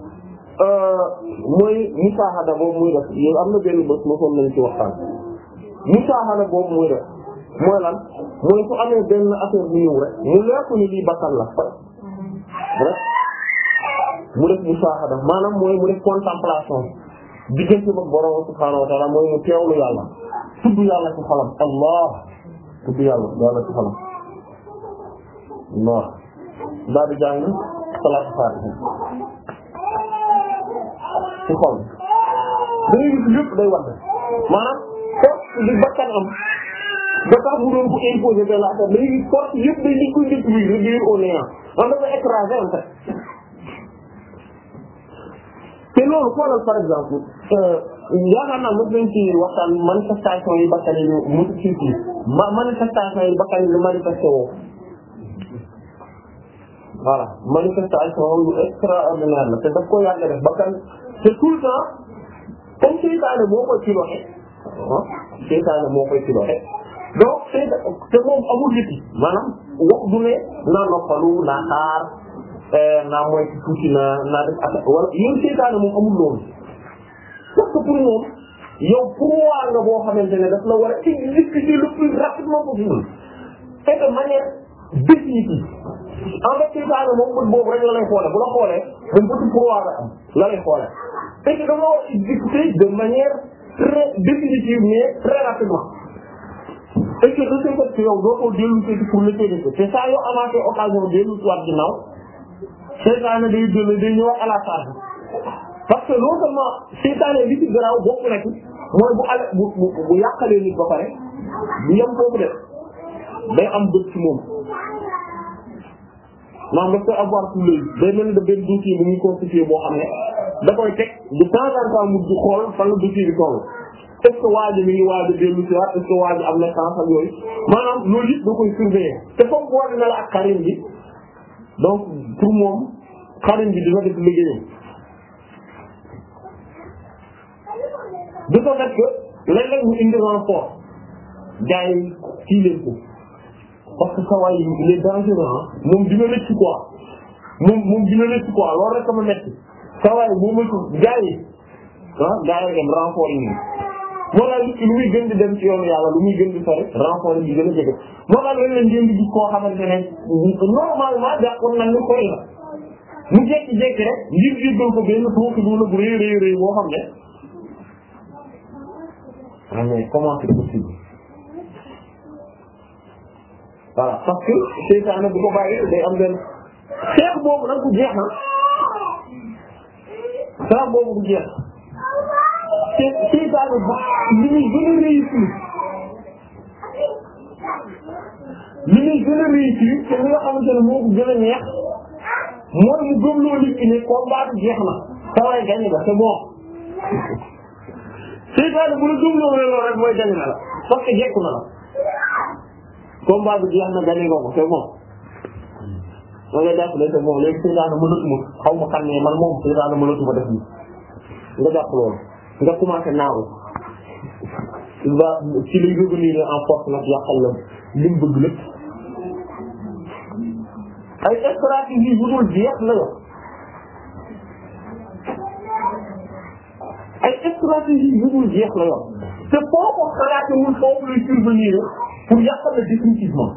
mooy musaahada boobu muy def musaahada boobu muy def mooy lan mooy su amee benn affaire bu ñëw rek mu leer ko ni lii bakkan la rek mu def musaahada maanaam mooy mu def contemplation diggante ba borom ta'ala mooy mu teewlu yàlla tudd yàlla ci allah tudd yàlla yàlla ci xolam allah daal ci xol bi dañuy gis lépp day wadd maanaam force li bakkan am ba tax mu doon ko imposer benn affaire dañuy gis force yëpp day dañ koy détruire réduire au néant am dafa écraser en fait te loolu xoolal par exemple euh, yaakaar naa mos nañ ci waxtaan manifestation yi bakkan yi ñu mos ci ci manifestation yi bakkan yi manifesté woo voilà manifestation yu extraordinaire la te daf ko yàgg def ba kan te tout le comme seytaane moo koy piloté ah seytaane moo koy piloté donc seyta te moom amul litti maanaam wax du ne naa noppalu naa xaar euh, naa mooy ci tuuti naa naa def affaire wala yéen seytaane moom amul loolu parce que moom yow pouvoir nga boo xamante ne daf la war a exécuter le plus rapidement possible et de manière définitive en fait seytaane moom bët boobu rek la lay xoole bu la xoolee dañ bëti pourwaa la am la lay xoole te que dama war de manière très définitive mais très rapidement te que resinkat si yow dootoo dellu ci pour le tédéke te saa yoo amaate occasion dellu ci waat ginnaaw seytaane day dël day ñëwaat à la charge parce que non seulement seytaane li bokk na mooy bu ale bu bu yàqalee nit ba pare bu yem foofu def day am bët ci moom maanaam daf koy avoir tout léegi day mel ni da benn dossier bu muy constitué boo xam ne da koy teg de temps en temps mu xool fan la dossier bi toll est-ce que waa ji mi ngi waaj a dellu si waat est am na chance ak yooyu maanaam loolu da koy surveiller te comme boole na la ak xarim bi donc pour moom xarim bi dina def liggéeyam de ce fait que léeg-léeg mu indi renfort gars yi kii leen parce que saa waay il est dangereux moom dina rëcc quoi moom moom dina rëcc quoi loolu rek sama métti saa waay boo ma gaa yi ah gaa yi dem renfort yi nii. moo tax lu muy gën di dem ci yoonu yàlla lu muy gën di sori renfort yi di gën a jege moo tax léeg-léeg ngeen di gis koo xamante ne normalement jàppoon nañ ne sori na mu jékki-jékki rek ngir yëgal ko benn tooke doole bu rëy rëy rëy boo xam ne. ah voilà parce que seytaane bu ko bàyyi day am benn xeex boobu nag ku jeex na xeex boobu ku jeex te seytaane ba li muy gën a réussir li muy gën a réussir te li nga xamante ne moo ko gën a neex mooy mu gëm loo nit ki ne combat bi jeex na saway gañ la c'est bon seytaane bu la gëm loo ne loolu rek mooy gañ na la parce que jekku na la combat bi jeex na gagné nga ko c'est bon da ngay jàppale te bon léegi seytaane mënatuma xaw ma xam ne man moom seytaane mënatuma def nii nga jàpp loolu nga commencé naagu va ci lay revenir en force nag yàqal la li mu bëgg lépp ay stratégie yu dul jeex la yo ay stratégie yu dul jeex la yo te foo ko xalaatee mun foofu lay survenir pour yàqal la définitivement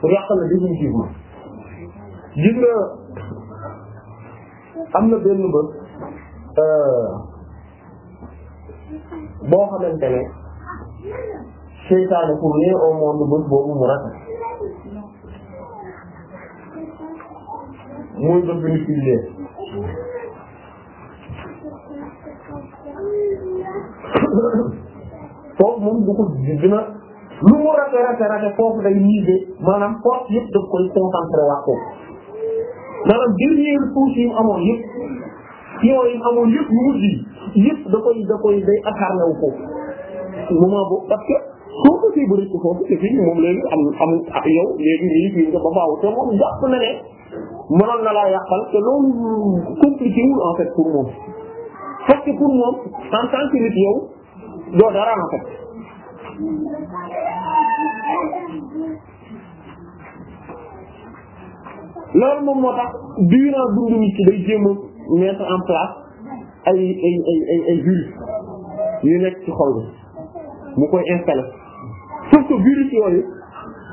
pour yàqal la définitivement gis nga am na benn bët boo xamante ne seytaane pour nii au monde bët boobu mu rafet muy bët bi nit ki di dee foofu moom du ko dina lu mu rate rate rate foofu day niise maanaam force yëpp daf koy concentré waat ko maanaam dernière touche yi amoon yëpp pion yi amoon yëpp yu mujj yi yëpp koy da koy day acharné wu foofu moment boobu parce que soo ko siy bëri foofu te fii moom léegi am am yow léegi nii fii nga ba faaw te moom jàpp na ne mënoon na laa yàqal te loolu compliqué wul en fait pour moom parce pour moom en tant que doo dara en fait loolu moom moo tax durant dundu nit ki day jéem a en place ay ay ay ay virus yu nekk ci xol bi mu koy installer sauf que virus yooyu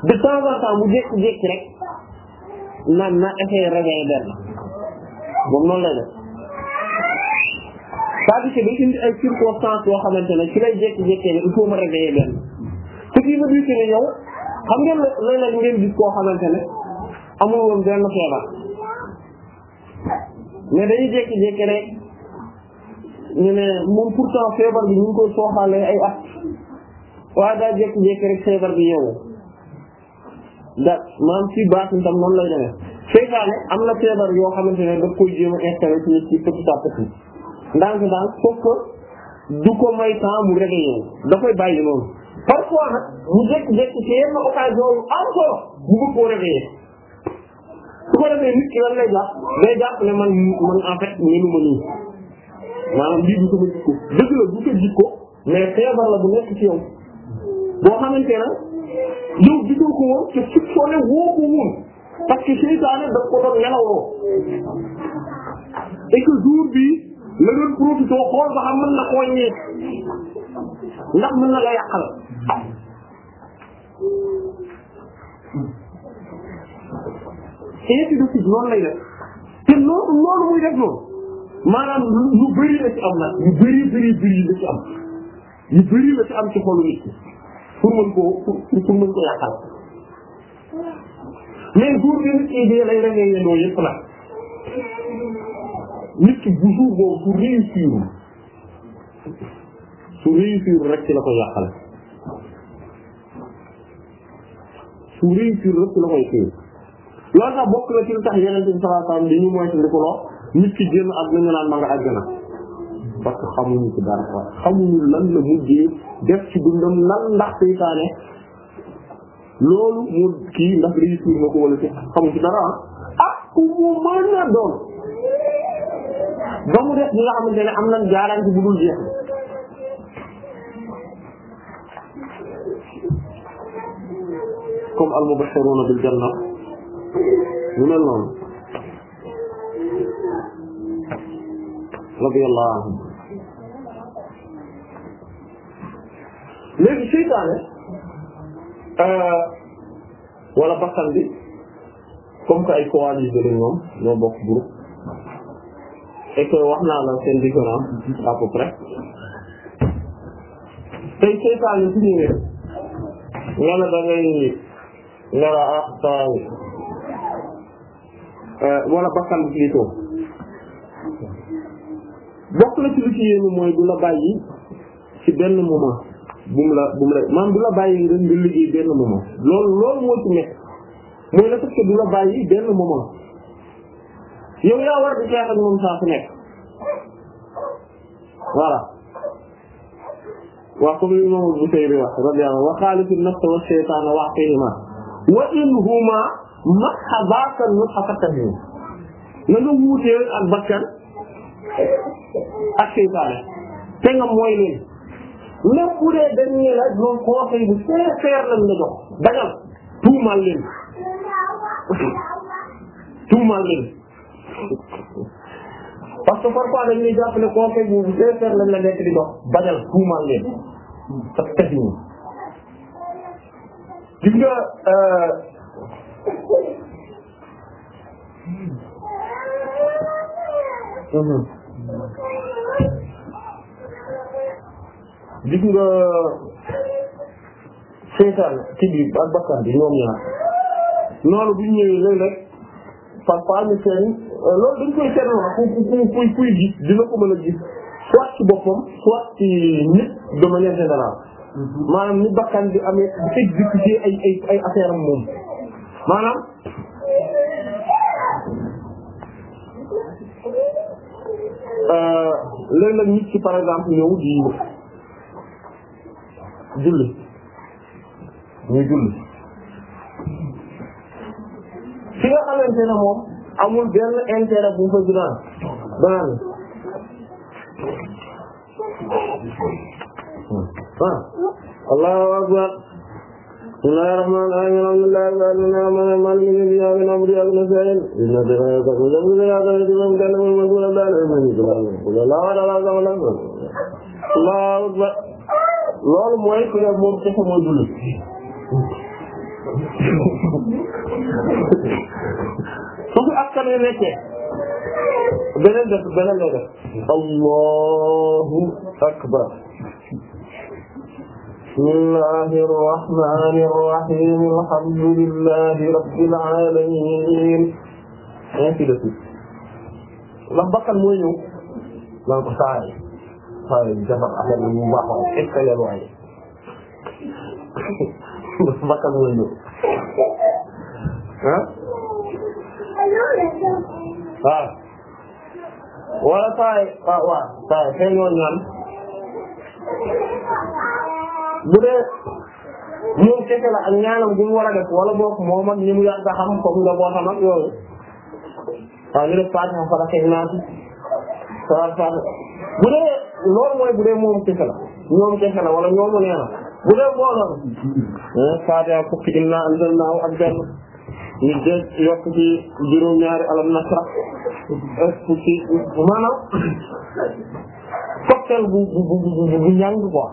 de temps en mu jékki-jékki rek naan na essayé réveiller benn moom noonu lay c'est-à-dire que day indi ay circonstances yoo xamante ne ci lay jékki-jékkee ne il faut ma réveiller benn ce qui veut dire que ne yow xam ngeen léeg-léeg ngeen gis koo xamante ne amul woon benn feebar mais dañuy jékki-jékki ne ñu ne moom pourtant feebar bi ñu ngi koy ay at waaye daa jékki-jékki rek feebar bi yow da maam si baatin tam noonu lay demee seytaane am na feebar yoo xamante ne da koy jéem a installé ci nit ci petit ndànk-ndànk sauf que du ko may temps mu réglé yow da koy bàyyi noonu parfois nag ko defee nit ki lan lay jàpp ne man man en melu ma nii maanaam lii du sama jikko dëgg la du sa jikko mais feebar la bu nekk ci yow boo xamante ne ko woon te soupçonné woo ko woon parce que seytaane daf ko doon nelawoo et que jour la doon profité xool ba xam mën na koo ñeex ndax mën na la yàqal ainsi de suite noonu lay def te loolu loolu muy def noonu maanaam lu bëri la ci am na lu bëri bëri bëri la ci am lu bëri la ci am ci xolu nit pour mën koo pour mën ko yàqal mais jour bi nit idée lay rëggee yëndoo yëpp nag nit ki bu jour su réussir su réussir rek ci la ko yàqale su la koy téye loolu sax bokk na ci lu tax yeneen bi sallallahu alayhi wasallam moytu di nit ki génn ak nañu naan ma nga àjjana parce que xamuñu ci dara xamuñu lan la mujjee def ci dundam lan ndax seytaane loolu mu kii ndax réussir na ko wala ci xamu ci dara ah, ah mu mën a doon ba mu def ñi nga xamante ne am nañ jaarante bu dul jeex comme al mubashiruna bil janna ñu mel noonu radiyallahu anhum léegi euh, wala bakkan bi comme que ay coalisés la ñoom ñoo bokk et wax naa la seen différence à peu près tey seytaan yi su nga ne da ngay nar a euh, wala bakkan bi plutôt bokk na ci li ci yéen mooy du la bàyyi ci benn moment bu la bu la maanaam du la bàyyi nga liggéey benn moment loolu loolu moo ci nekk mooy la fekk du la bàyyi benn moment. yow yaa war di xeex ak moom saa su nekk voilà wax comme li Imaam Busayri wax radiyallahu wa xaalif an-nafs wa shaytaan wa'sihimaa wa in humaa mashabaka nutfatatahu na nga wuutee ak bakkan ak seytaane te nga mooy leen même bu dee dañuy la ñoom conseil bu sincère lañ la jox dagal tuumal parce que parfois dañ lay jàpp ne conseil bu sincère lañ la nekk di dox bañal tuumaal leen parce que ñu gis nga euh, gis nga seytaan ci biir ak bakkan bi ñoom ñaar noonu bu Euh, loolu dañ koy seetlu ku ku kuy gis dina ko mën a gis soit ci boppam soit ci nit de manière générale mhm. maanaam ni bakkan bi amee di exécuté ay ay ay affaire moom maanaam euh, léeg-léeg nit ki par exemple ñëw di julli muy julli fi nga xamante ne moom amul benn intérêt bu fa dinaan danaan ah allahu akbar bismillahir rahmanir rahim alhamdulillahi rabbil alamin maliki yawmiddin iyyaka na'budu wa iyyaka nasta'in ihdinas siratal mustaqim loolu mooy ku ne moom sax mooy julli su askan wi nekkee beneen def beneen lay def allahu akbar bismillahi rrahmani rrahim alhamdulillahi rabbil alamin ainsi de suite ndax bakkan mooy ñëw naan ko saay saay defar affaire bi mu baax waaye excellent waaye bakkan mooy ñëw ah waaw wala saay waaw wa saay xëy ñoo ñaan bu dee moom kese la ak ñaanam bu mu war a def wala boog moom ak ñi mu yàgg a xam nga boo xam ak yooyu waaw ñu def Fatiha fara xëy naa ci saar Fatiha bu dee loolu mooy bu dee moom kese la ñoom kese la wala ñoomu nee na bu dee booloon Fatiha fukki innaa anzalnaahu ñu dégg yokk ci juróom-ñaari alam nasra ëpp ci maanaam cocktail bu bu bu bu ñàng quoi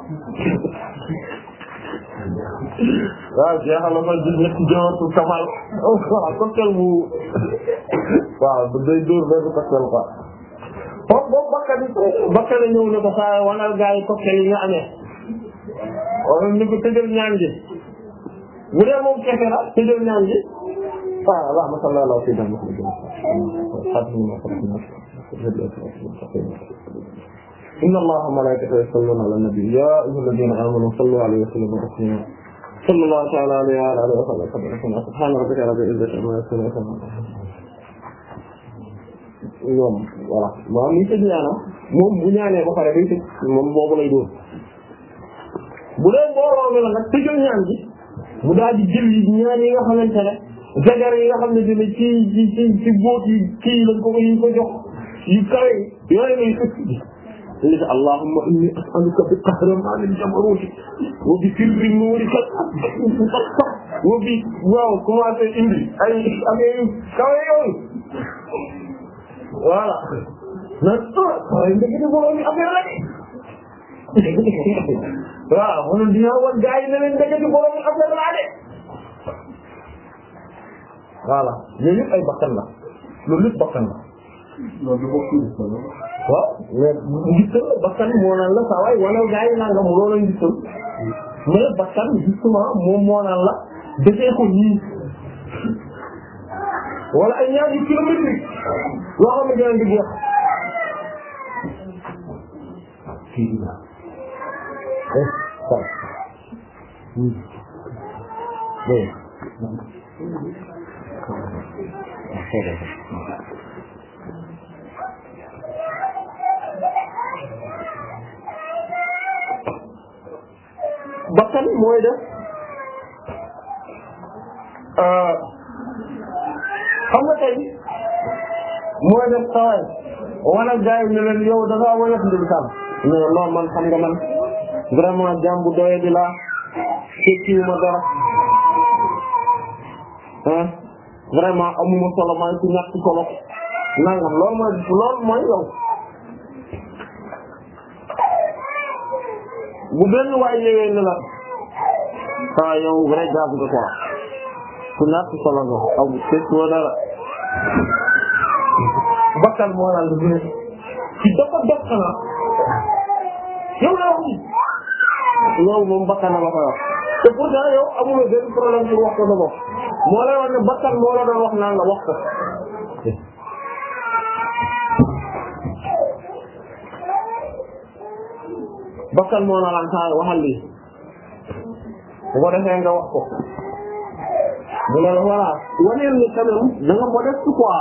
waaw jeexal na ma gis ñetti jooju kamal waaw cocktail bu waaw day dóor benn cocktail quoi. kon boobu bakkan bakkan a ñëw ne ko saa wanal gars nga amee wala ni ko tëjal ñaan gi bu dee moom kese la tëjal gi. waaw waaw ma sallallaahu alayhi wa sallam inna Allaaha wa malaa'ikatahu yusalluuna alan nabi yaa ayyuhallaziina aamanuu sallu alayhi wa sallimu tasliiman sallallaahu ta'aalaa alayhi wa alaa aalihi wa sahbihi wa sallam subhaana rabbika rabbil izzati ammaa yasifuun ñoom voilà maanaam li tëj ñaanam moom bu ñaanee ba pare day tëj moom boobu lay doon bu dee mbooloo mi la nag tëjul ñaan gi mu daal di jël yi ñaan yi nga xamante ne zagare yi nga xam ne dina ci ci ci ci góot yi kii lañ ko yiñ ko jox yu kawe yooyu lay ëpp li allahumma inni as'aluka bi qahramanil jabarut wa bi sirri nuurika wa bi waaw commencé indi ay am ay kawe yooyu voilà nan ay ah, ndëgg di borom yi affaire rek waaw mënul dinaa wan gars yi ne leen ndëgg di borom yi affaire laa de voilà yooyu yëpp ay bakkan la loolu yëpp bakkan la. loolu du bokkul gis nga waaw mais gisal la bakkan moo naan la moo naan la defee ko nii wala ay ñaar yu kilomètres yoo xam ne dinañ di jeex. jërëjëf bakkan mooy def euh, xam nga tey mooy def sawaay wan ak gars yi ne leen yow da ngaa wéyat ndul kam mais non man vraiment amuma solo maa ngi ci ñàkk solo nangam loolu mooy loolu mooy yow bu benn waay saa ah, yow vrai grave nga quoi ku ñàkk solo nga aw tëjoo dara bakkan moo daal di gën ci dafa dox na yow la wax yow moom bakkan la ko wax te pourtant yow amuloo benn problème pour wax ko sa moo lay wax ne bakkan moo la doon wax naan la wax ko bakkan moo na lan taal waxal lii bu ko defee nga wax ko bu la voilà waneel ni quand même da nga modeste quoi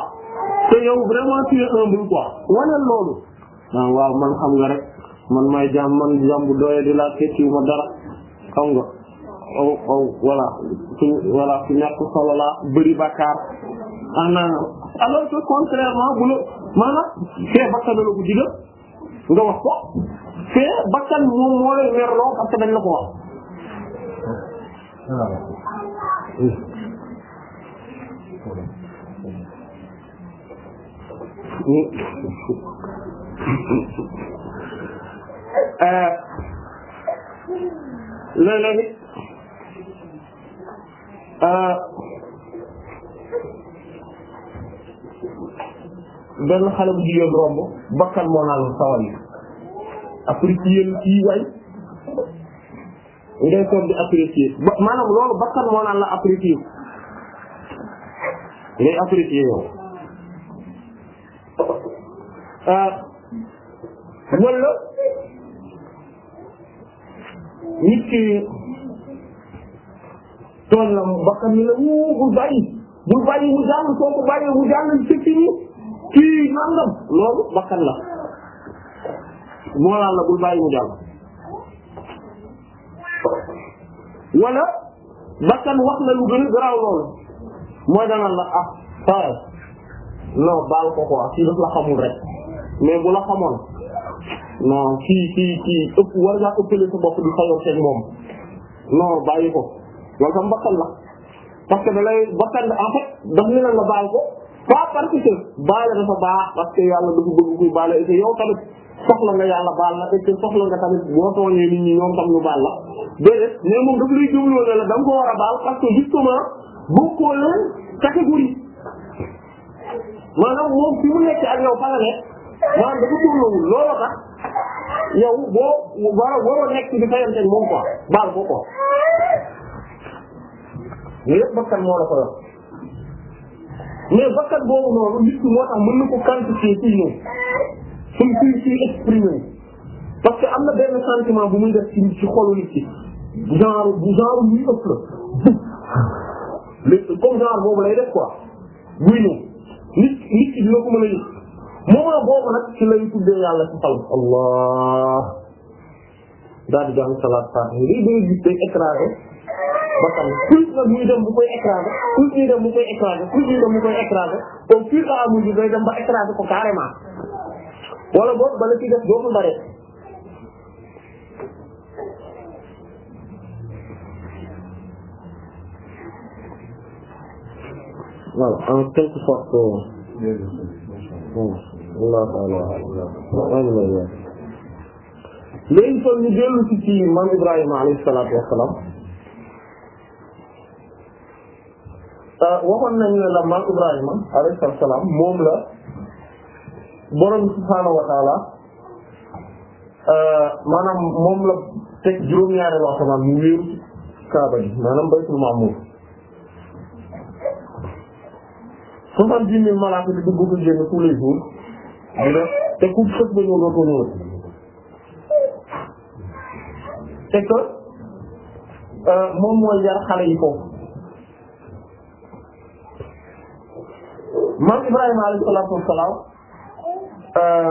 te yow vraiment tu es humble quoi waneel loolu ah waaw man xam nga rek man may jàmm man jàmm bu doye di laa tekkiwu ma dara xam nga voilà su voilà su ñàkk solo la bëri bàkkaar ana alors que contrairement bu la fee bakkan la ko digal nga wax ko fee bakkan moom moo lay merloo parce que dañ la ko wax euh, léeg-léeg Euh, benn xale bu jigéen romb bakkan moo naan sawar yi apprécier way ngay toog di apprécier ba maanaam loolu bakkan moo la apprécier ngay apprécier yow euh, wala nit ki tooñ la moom bakkan ni la wuu bul bàyyi bul bàyyi mu jàll soo ko bàyyee mu jàll ci fini kii nangam loolu bakkan la moo la lu gën a garaaw loolu mooy danaan ah, non baal ko quoi kii daf la xamul rek mais bu la xamoon non kii kii kii ëpp war ngaa ëppale sa bopp di fayoo seen moom non bàyyi ko loolu tam bakkan la parce que da lay bakkan en daf ñu ne la baal ko pas parce que baale yàlla yow tamit soxla nga yàlla baal la et soxla nga tamit boo tooñee nit ñi ñoom tam baal la déedéet mais moom daf lay jubluwoon ne la da ko war a baal parce que justement bokkoo leen maanaam moom fi mu nekk ak yow fala ne maanaam dafa jubluwul looloo tax yow boo war a war a nekk di fayante moom quoi baal ko mais yëpp moo la ko yor mais boobu noonu nit moo tax mën na ko quantifier ci ñoom suñ suñ ciy exprimer parce que am na benn sentiment bu muy def ci ci xolu nit ki genre bu genre muy la comme genre boobu lay def quoi buy ñëw nit nit ki dina ko mën a yëg moment boobu nag ci lay tuddee yàlla ci xol allah daal di jàng salaat faat yi day gis day bakkan plus nag muy dem bu koy écraser plus muy dem bu koy écraser plus muy dem bu koy écraser au fur et à mesure day dem ba écraser ko carrément wala boobu bala ci def dootul bare voilà en quelque sorte euh, léegi kon ñu dellu ci ci maam Ibrahima alayhi salaatu wa salaam Euh, waxoon nañu ne la maam Ibrahima alayhi moom la borom subhaanahu wa taala euh, maanaam moom la teg juróom-ñaari loo xam ne mu wéeru Kaaba gi maanaam baytul ma'muur. soixante-dix mille malaaka di dugg ko génn tous les jours di def te ku fës ba euh, mooy yar xale yi maam Ibrahima alayhi salaatu wassalaam euh,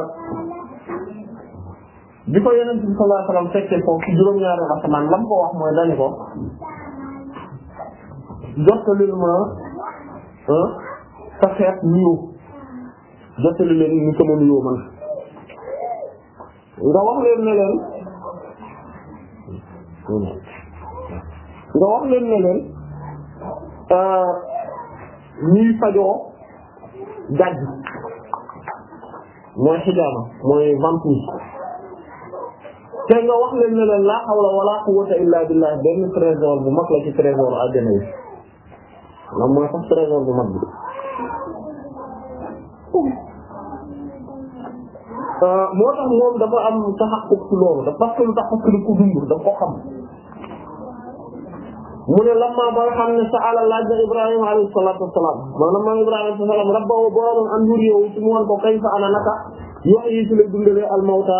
bi ko Yonent bi sallallahu alayhi wasallam fekkee foofu ci juróom-ñaari asamaan lam ko wax mooy dañu ko jottalil ma euh, sa xeet nuyu jottali leen ñu nga wax leen ne leen nga wax leen ne leen euh, ñuy fajoo gàjj mooy xijaama mooy vampire te nga wax leen ne leen laa wala quwwata illa billah benn trésor bu mag la ci trésor àjjana yi mooy sax trésor bu mag bi euh, moo tax moom dafa am taxaw ci loolu da parce tax parce que lu ko dund mu ne lamma ba nga sa ala laaj na Ibrahima alayhi salaatu wasalaam maanaam maam Ibrahima alayhi salaam rabbahu boroomam an yuriyahu ci mu woon ko kayfa ana naka yoo yi ci la dundalee almawta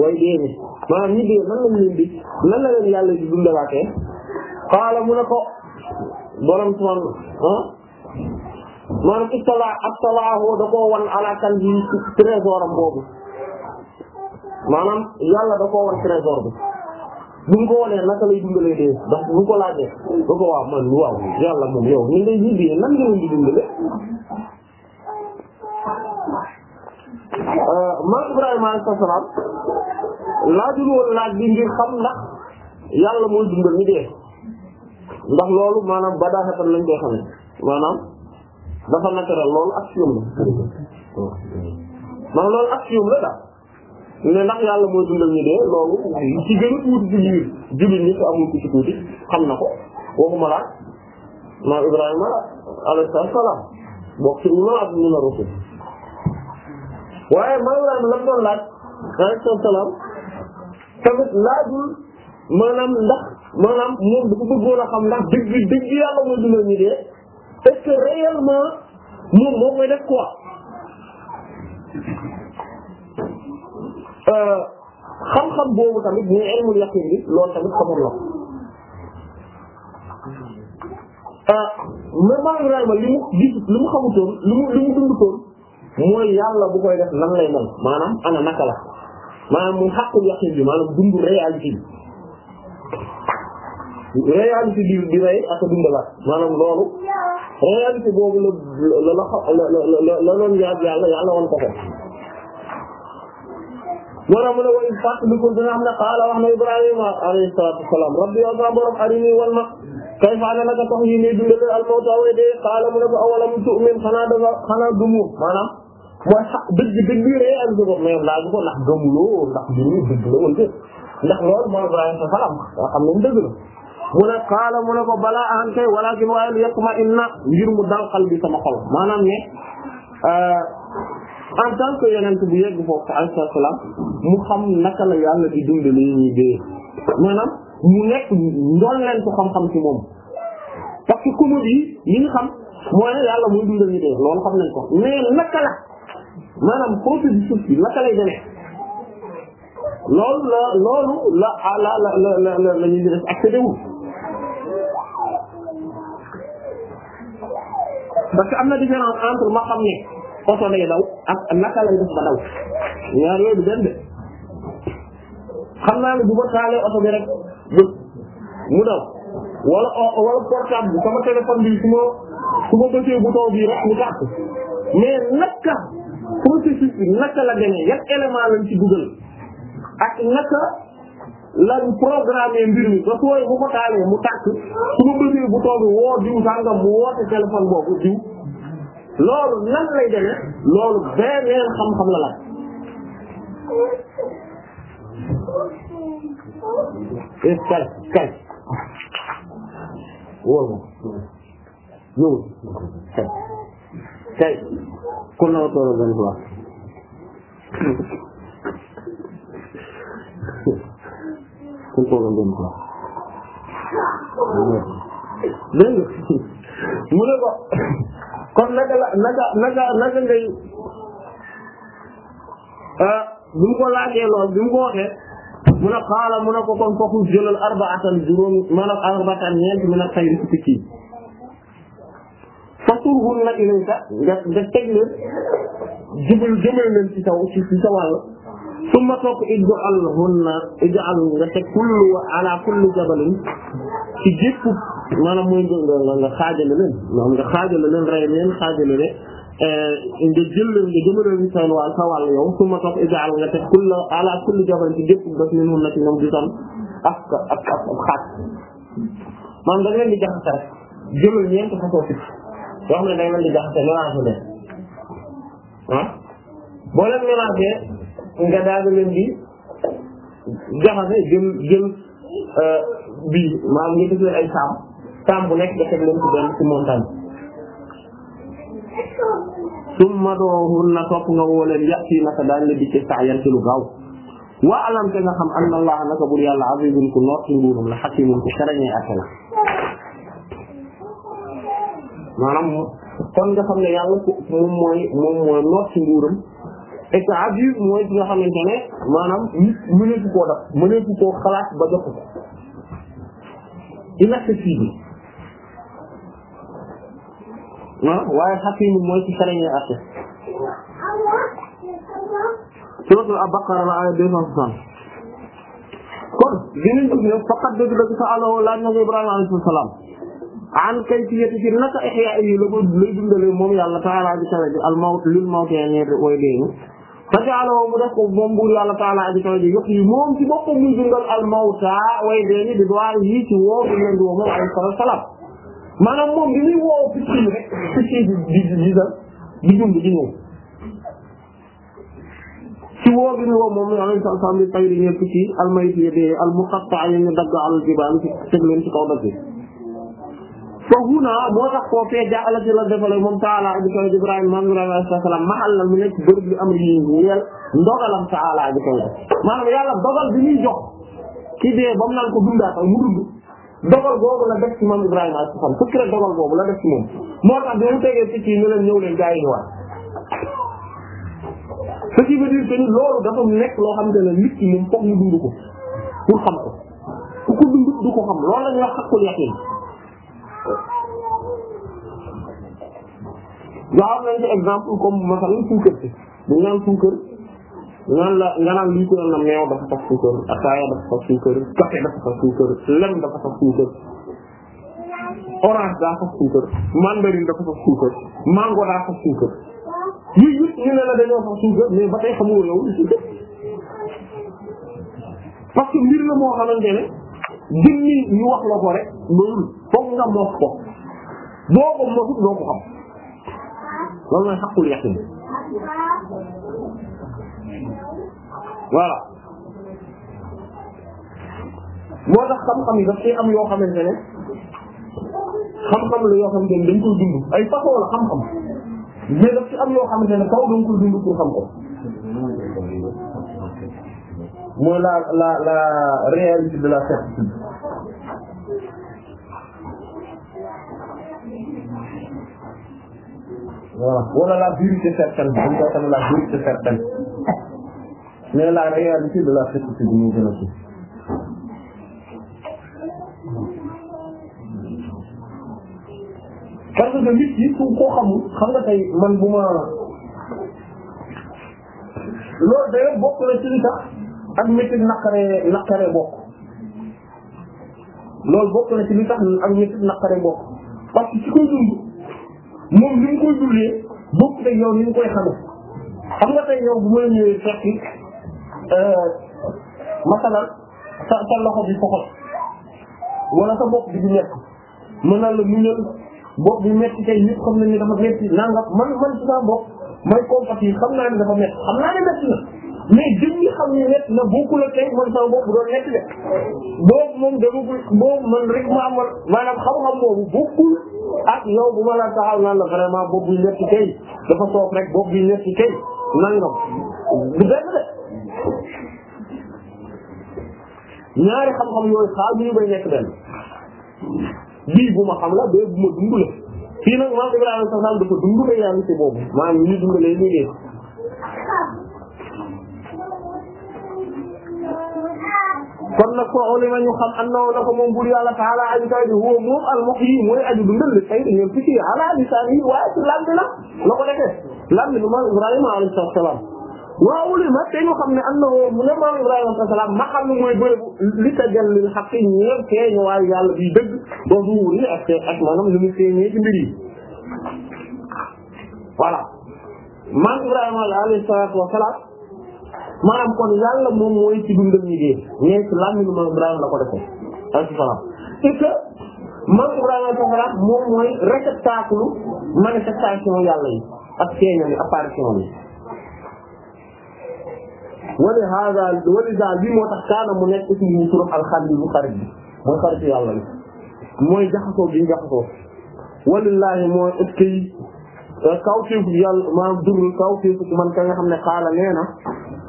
way dee ni maanaam ñi dee nan lañ leen di nan la leen yàlla mu ne ko borom subhaan ah maanaam ittala attalaahu da koo wan ala kan bi trésoram boobu maanaam yàlla da koo wan bi bu ñu ko wanee naka lay dundalee dee ndax bu ko laajee ba ko waaw man waaw yàlla moom yow ñu lay yii nan nga leen di dundalee euh, maam Ibrahima alayhi salaam laajul woon laaj bi ngir xam ndax yàlla mooy dundal ñu dee ndax loolu maanaam badaaxatan lañ koy xamee maanaam dafa naturel loolu axiome la maanaam loolu axiome la daal ne ndax yàlla mooy dundal ñu dee loolu ci gën a tuuti ci biir jullit ñi te amul ku ci xam na ko waxuma la ma Ibrahima alayhi salaam bokk ci ñun ak ñun a rusul waaye ma Ibrahima la doon laaj alayhi salaam tamit laajul maanaam ndax maanaam moom dafa bëggoon a xam ndax dëgg dëgg yàlla mooy dundal ñu dee est-ce que réellement moom moo koy def quoi. Euh, xam-xam boobu tamit muy ilmul yaqin bi loolu tamit xamoon na ah euh, mais maa ma li mu li mu xamutoon li mu li mu mooy yàlla bu koy def lan lay mel maanaam ana naka la maanaam muy xàqul yaqin bi maanaam dundu réalité bi réalité bi di rey ak a dundalaat maanaam loolu réalité boobu la la la la la la la yàlla yàlla ko. moo tax mu ne woy fàttaliku dina am ne qaala wax na Ibrahima alayhi salaatu wa a rabbi yow sama borom arini wal ma kayfa ana naka tax yi nii al mawta way qaala mu ne ko awalam tu'min xanaa danga xanaa gëmu maanaam mooy xa dëgg dëgg rek ak dëgg mais laaj ko ndax gëmuloo salaam xam nañ dëgg mu ne qaala mu ne ko balaa an kay walakin waaye yatma inna ngir mu dal xal bi sama xol maanaam en tant que yonent bu yegg foofu alayhi salaam mu xam naka la yàlla di dund li maanaam mu nekk ndool leen xam-xam ci moom parce que kumu bi li xam mooy yàlla muy dundal ñu loolu xam nañ ko mais naka la maanaam côté bi suuf bi naka lay demee loolu la loolu ah, la la la la la la ñuy def accédé wul parce que am na différence entre ma xam ne oto day daw naka lay def ba daw ñaar yooyu benn de xam naa ne bu ma taalee oto bi rek mu daw wala wala portable bi sama téléphone bi su ma su ma bësee bouton rek mu tàkk mais naka processus bi naka la demee yan élément lañ ci dugal ak naka lañ programmé mbir mi ba sooy bu ko taalee mu tàkk su ma bësee bouton bi woo diw sàngam mu woote téléphone boobu diw loolu nan lay demee loolu beneen xam-xam la la kay kay wóor ma yow kay kay kon na ma toog benn kon naka la naka naka naka ngay ah bi mu ko laajee lool bi mu ko waxee mu ne xaala mu ne ko kon foofu jëlal arbaatan juróom maanaam arbaatan ñeent mu ne xayri si picc yi. fasurhunna ilayka nga nga teg leen jubal jëmal leen ci taw ci ci sa summa topp ij'al hunna ij'al nga teg kullu ala kulli jabalin ci gépp maanaam mooy nga nga nga xaajale leen maanaam nga xaajale leen rey leen xaajale leen eh, nga jël leen nga jëmale leen seen wàll sa wàll yow summa topp ij'al nga teg kullu ala kulli jabalin ci gépp bas min hunna ci ñoom gisoon ak ak ak xaaj maanaam da leen di jaxase rek jëlal ñeent façon fit yoo xam ne da leen di jaxase mélangé leen ah boo leen mélangé nga daal di leen jaxase jël jël euh, bii maanaam nga def leen ay saam saam bu nekk nga teg leen ci benn ci montagne summa dohunna topp nga woo leen yàq yi naka daañu la dikkee saa yan ci lu gaaw waa alam te nga xam anna allah naka bur yàlla azizun ku noot ci nguuram la hakimun ku xereñee atte la maanaam kon nga xam ne yàlla moom mooy moom mooy noot ci nguuram état bi mooy ki nga xamante ne maanaam nit mëneefu koo def mëneefu koo xalaat ba jox ko inaccessible ah waaye xakim mooy ci xarañee àtte suratul Baqara la aaya deux cent soixante kon dinañ gis ne faqat dëgg dëgg sa àloo laaj na ko Ibrahima alayhi salaam an kayfiyati ci naka ihya yi la ko lay moom yàlla taala bi kawe bi al mawt lil mawt ne way deeñu fajaaloo mu def ko moom buur yàlla taala aji kawe ji yokk yi moom ci boppam muy dundal al mawta way deeni di doir yi ci woo bi leen di woo moom alayhi salaatu salaam maanaam moom bi muy woow picc yi rek picc yi di di dal di dund di ñëw ci woo bi muy woo moom alayhi salaatu salaam di tawir yi ñëw picc yi almayit yi dee al muqatta yi ñu dagg al jibaal ci teg leen ci kaw dagg fa huna moo tax koo fee jàll ci la defale moom taala bi kaw Ibrahima maam Ibrahima alayhi salaam mahal la mu nekk bërëb bi am lii ñeel ndogalam taala bi kaw maanaam yàlla dogal bi ñuy jox ki dee ba mu naan ko dundaatal mu dund dogal boobu la def ci maam Ibrahima alayhi salaam secret dogal boobu la def ci moom moo tax bi mu tegee picc yi ñu leen ñëw leen gaa yi ñu war ce qui veut dire que ni loolu dafa nekk loo xamante ne nit ki moom foog mu dund ko pour xam ko ku ko dund du ko xam loolu la ñuy wax xaqul yaqin yaa nañ ci exemple comme masalan suukar si dañ naan suukar naan la nga naan lii ko na meew dafa sax suukar ataaya dafa sax suukar café dafa sax suukar lem dafa sax suukar orange daa sax suukar mandarine dafa sax suukar mango daa sax suukar yu ñu ne la dañoo sax suukar mais ba tey xamoo yow parce que mbir la moo xamante ne jëmmi ñu wax la ko rek loolu foog nga mos ko boo ko mosut doo ko xam loolu mooy xaqul yaqin voilà moo tax xam-xam yi daf ci am yoo xamante ne xam-xam la yoo xamante ne dañ koy dund ay façon la xam-xam mais daf ci am yoo xamante ne kaw dañ koy dund pour xam ko. mooy la la la réalité de la certitude voilà wala la vérité certaine dañ koy tamit la vérité certaine mais la réalité de la certitude moo gën a kii parce que nit ki ku koo xamul xam nga tey man bu ma loolu day bokk na ci li tax ak métti naqaree naqaree bokk loolu bokk na ci li tax ak métti naqaree bokk parce que ci koy dund moom li ñu koy dundee bokk na yow ni ñu koy xamee xam nga tey yow bu ma la ñëwee fekk euh, masalan sa loxo bi foxot wala sa bopp bi di nekk mën naa la ñu bopp bi metti tey nit xam na ñu dafa metti nangam man man ci sa bopp may compas yi xam naa ne dafa metti xam naa ne metti na. mais jëm ñi xam ne net na bokkul ak tey man sama bopp doon nekk de boobu moom dama boobu man rek ma amal maanaam xam-xam boobu bokkul ak yow bu ma la taxaw naan la vraiment bopp bi nekk tey dafa soof rek bopp bi nekk tey nangam du benn de ñaari xam-xam yooyu xaal bi ñu bay nekk benn bii bu ma xam la bee bu ma dund la fii nag maam Ibrahima sax dafa dund la yaa ngi ci boobu maanaam ñu ngi dundalee nii kon nag ulima ñu xam annahu nako moom bur yàlla taala aji kaw ji huwa moom al muhyi mooy aji dundal li kay ñoom fi ci ala lisaani waaye la ko defee lambi nu maam Ibrahima alayhi salaam waa xam ne annahu mu ne maam Ibrahima li tajallil haqqi ñeel feeñu waaye yàlla bi dëgg ba zuhuri ak ak maanaam lu mu feeñee ci mbir yi voilà maam Ibrahima alayhi salaatu wa salaam maanaam kon yàlla moom mooy ci dundal ñi dee mais ci làmmiñu maam Ibrahima la ko defee alayhi salaam et que maam Ibrahima alayhi salaam moom mooy réceptacle manifestation yàlla yi ak feeñam yi apparition yi wali hada wali da bi moo tax kaana mu mooy yàlla bi mooy jaxasoo bi jaxasoo walillahi moo est ce que euh, kaw teefu yàlla maanaam durul kaw teefu man ka nga xam ne xaala nee na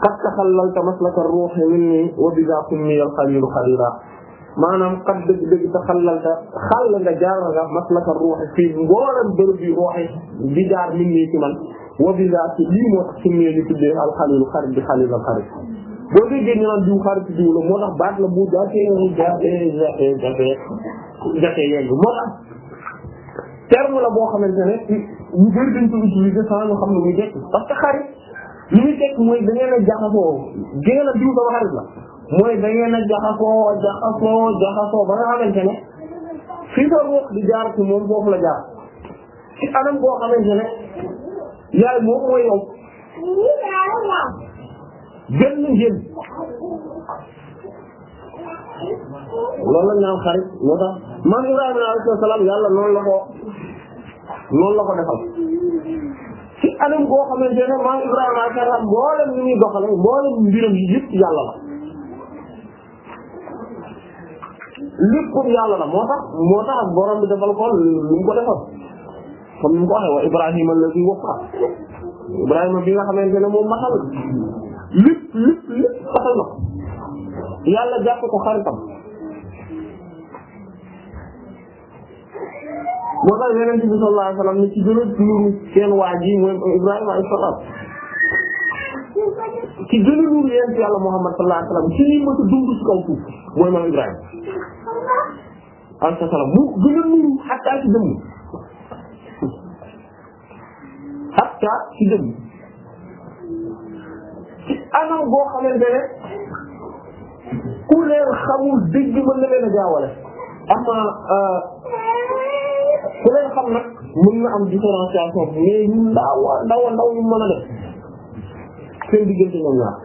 qad taxallalta maslaka ruuxi minni wa bida summiya al-xaliilu xaliila maanaam qad dëgg-dëgg taxallalta xàll nga jaar nga maslaka ruuxi fii mbooleem bërëb yi ruuxi di jaar minni ci man wa bida ci lii moo tax summiya ñu tuddee al-xaliilu xarit bi xaliil al-xarit boo déggee ñu naan diw xarit diw la moo tax baat la bu jaatee jaatee jaatee jaatee jaatee yegg moo tax terme la boo xamante ne ñu bëri dañ ko utiliser sans ñu xam ne muy dekk parce que xarit li ñu teg mooy da ngeen a jaxasoo di ngeen a diw sama xarit ba nga xamante ne di jaar moom foofu la jaar ci anam boo xamante ne yaay moom mooy yow benn ngeen loolu la ñu naan xarit moo tax man salaam yàlla la ko noonu la ko defal ci anam goo xamante ne maam Ibrahima alayhi salaam mboolem ni muy doxale mboolem mbiram yi yëpp yàlla la léppam yàlla la moo tax moo tax borom bi defal ko lu mu ko defal comme ni mu ko waxee wa Ibrahima allazi wafa Ibrahima bi nga xamante ne moom matal lépp lépp lépp saxal na ko yàlla jàpp ko xaritam moo tax yeneen ni ci gën a luuru seen waa ji mooy Ibrahima alayhi salaam ci gën a luuru yéen ci yàlla Muhammad sallallahu alayhi wa sallam ci kaw suuf mooy maam Ibrahima alayhi salaam mu gën a luuru xataa ci dëmm xataa ci dëmm ci anam boo xamante ne ku leen xamul dëgg mën na leen a jaawale am ku leen xam nag mën na am différenciation mais yu ndaw a ndaw a ndaw yu mën a def seen diggante ñoom ñaar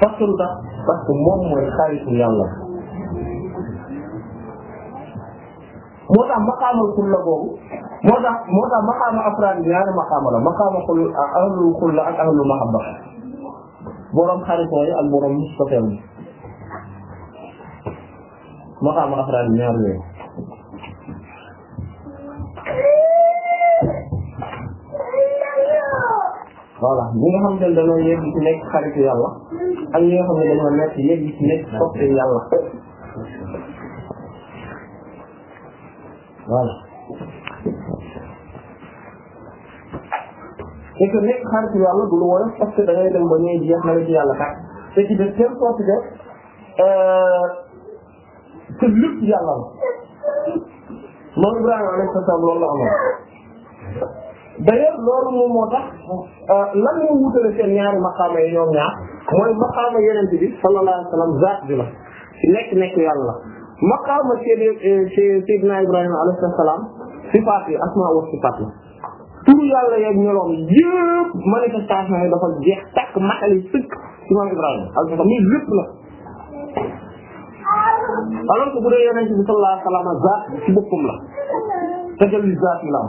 parce que lu tax parce que moom mooy xaritu yàlla moo tax maqaamal xulla boobu moo tax moo tax maqaama afraan ñaari maqaama la maqaama xul ahlul xulla ak ahlul mahabba boroom xaritoo yi ak boroom sofeel bi maqaamu afraad ñaar yooyu voilà ñi nga xam ne dañoo yegg ci nekk xaritu yàlla ak ñi nga xam ne dañoo nekk yegg ci nekk soppi yàlla voilà et que nekk xaritu yàlla du lu war a parce que da ngay dem ba ñuy jeex na la ci yàlla kat te ci de telle sorte que te lépp yàlla moom Ibrahima alayhi salaam loolu la amoon d'ailleurs loolu moom moo tax euh, lan moo wutale seen ñaari maqaama yi ñoom ñaar mooy maqaama yeneen bi sallallahu alayhi wa sallam zaat bi la nekk nekk yàlla la maqaama seen euh, Seydina Ibrahima alayhi salaam sifaat yi asmaa wa turu yàlla yeeg ñoloom yëpp manifestation yi dafa jeex takk matali sëkk ci moom Ibrahima alayhi alors que bu dee yonent bi sallallahu alayhi wa sallam zaat ci boppam la tajalli zaat yi la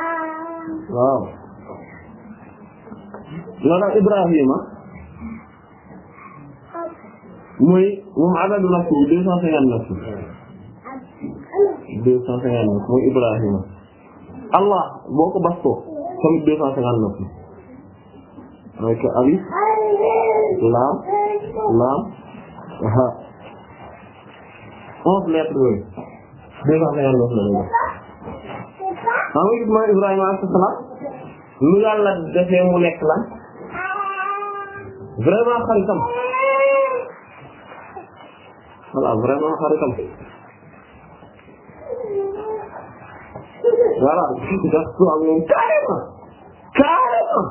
am. waaw. maanaam Ibrahima muy moom adadu nafsi deux cent cinquante nafsi deux cent cinquante nafsi muy Ibrahima. Allah boo ko tamit deux cent cinquante neuf avec alif laam laam ha onze lettres yooyu deux cent cinquante neuf la ñu xam nga gis ma Ibrahima alayhi salaam lu yàlla defee mu nekk lan vraiment xaritam voilà vraiment xaritam voilà jaxasoo ak moom carrément carrément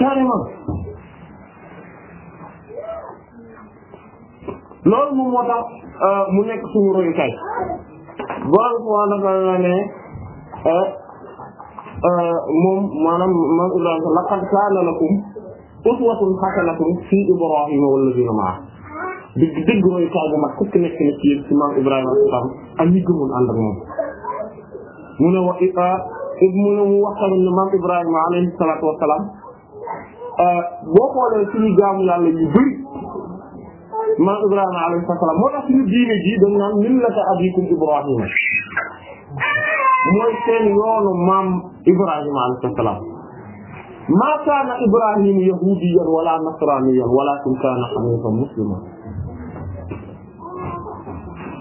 carrément loolu moom moo tax euh, mu nekk suñu royukaay borom subhaanahu wa ta'aala ne euh, euh, moom maanaam maam Ibrahima laqad kaana lakum uswatun hasanatun fii Ibraahiima walladiina ma'ahu dëgg dëgg roy kaay bu mag fukk nekk na ci yéen ci maam Ibrahima salaam ak ñi gëmoon ànd ak moom mu ne wa ah, mu ne mu wax tamit ne maam Ibrahima alayhi salaatu wa salaam ah, boo xoolee suñu jaamu yàlla yu bëri maam Ibrahima alayhi salaam moo tax suñu diine ji dañ naan millata abikum Ibrahima mooy seen yoonu maam Ibrahima alayhi salaam maa kaana Ibrahima yahudiyan wala nasraniyan walakin kaana hanifan musliman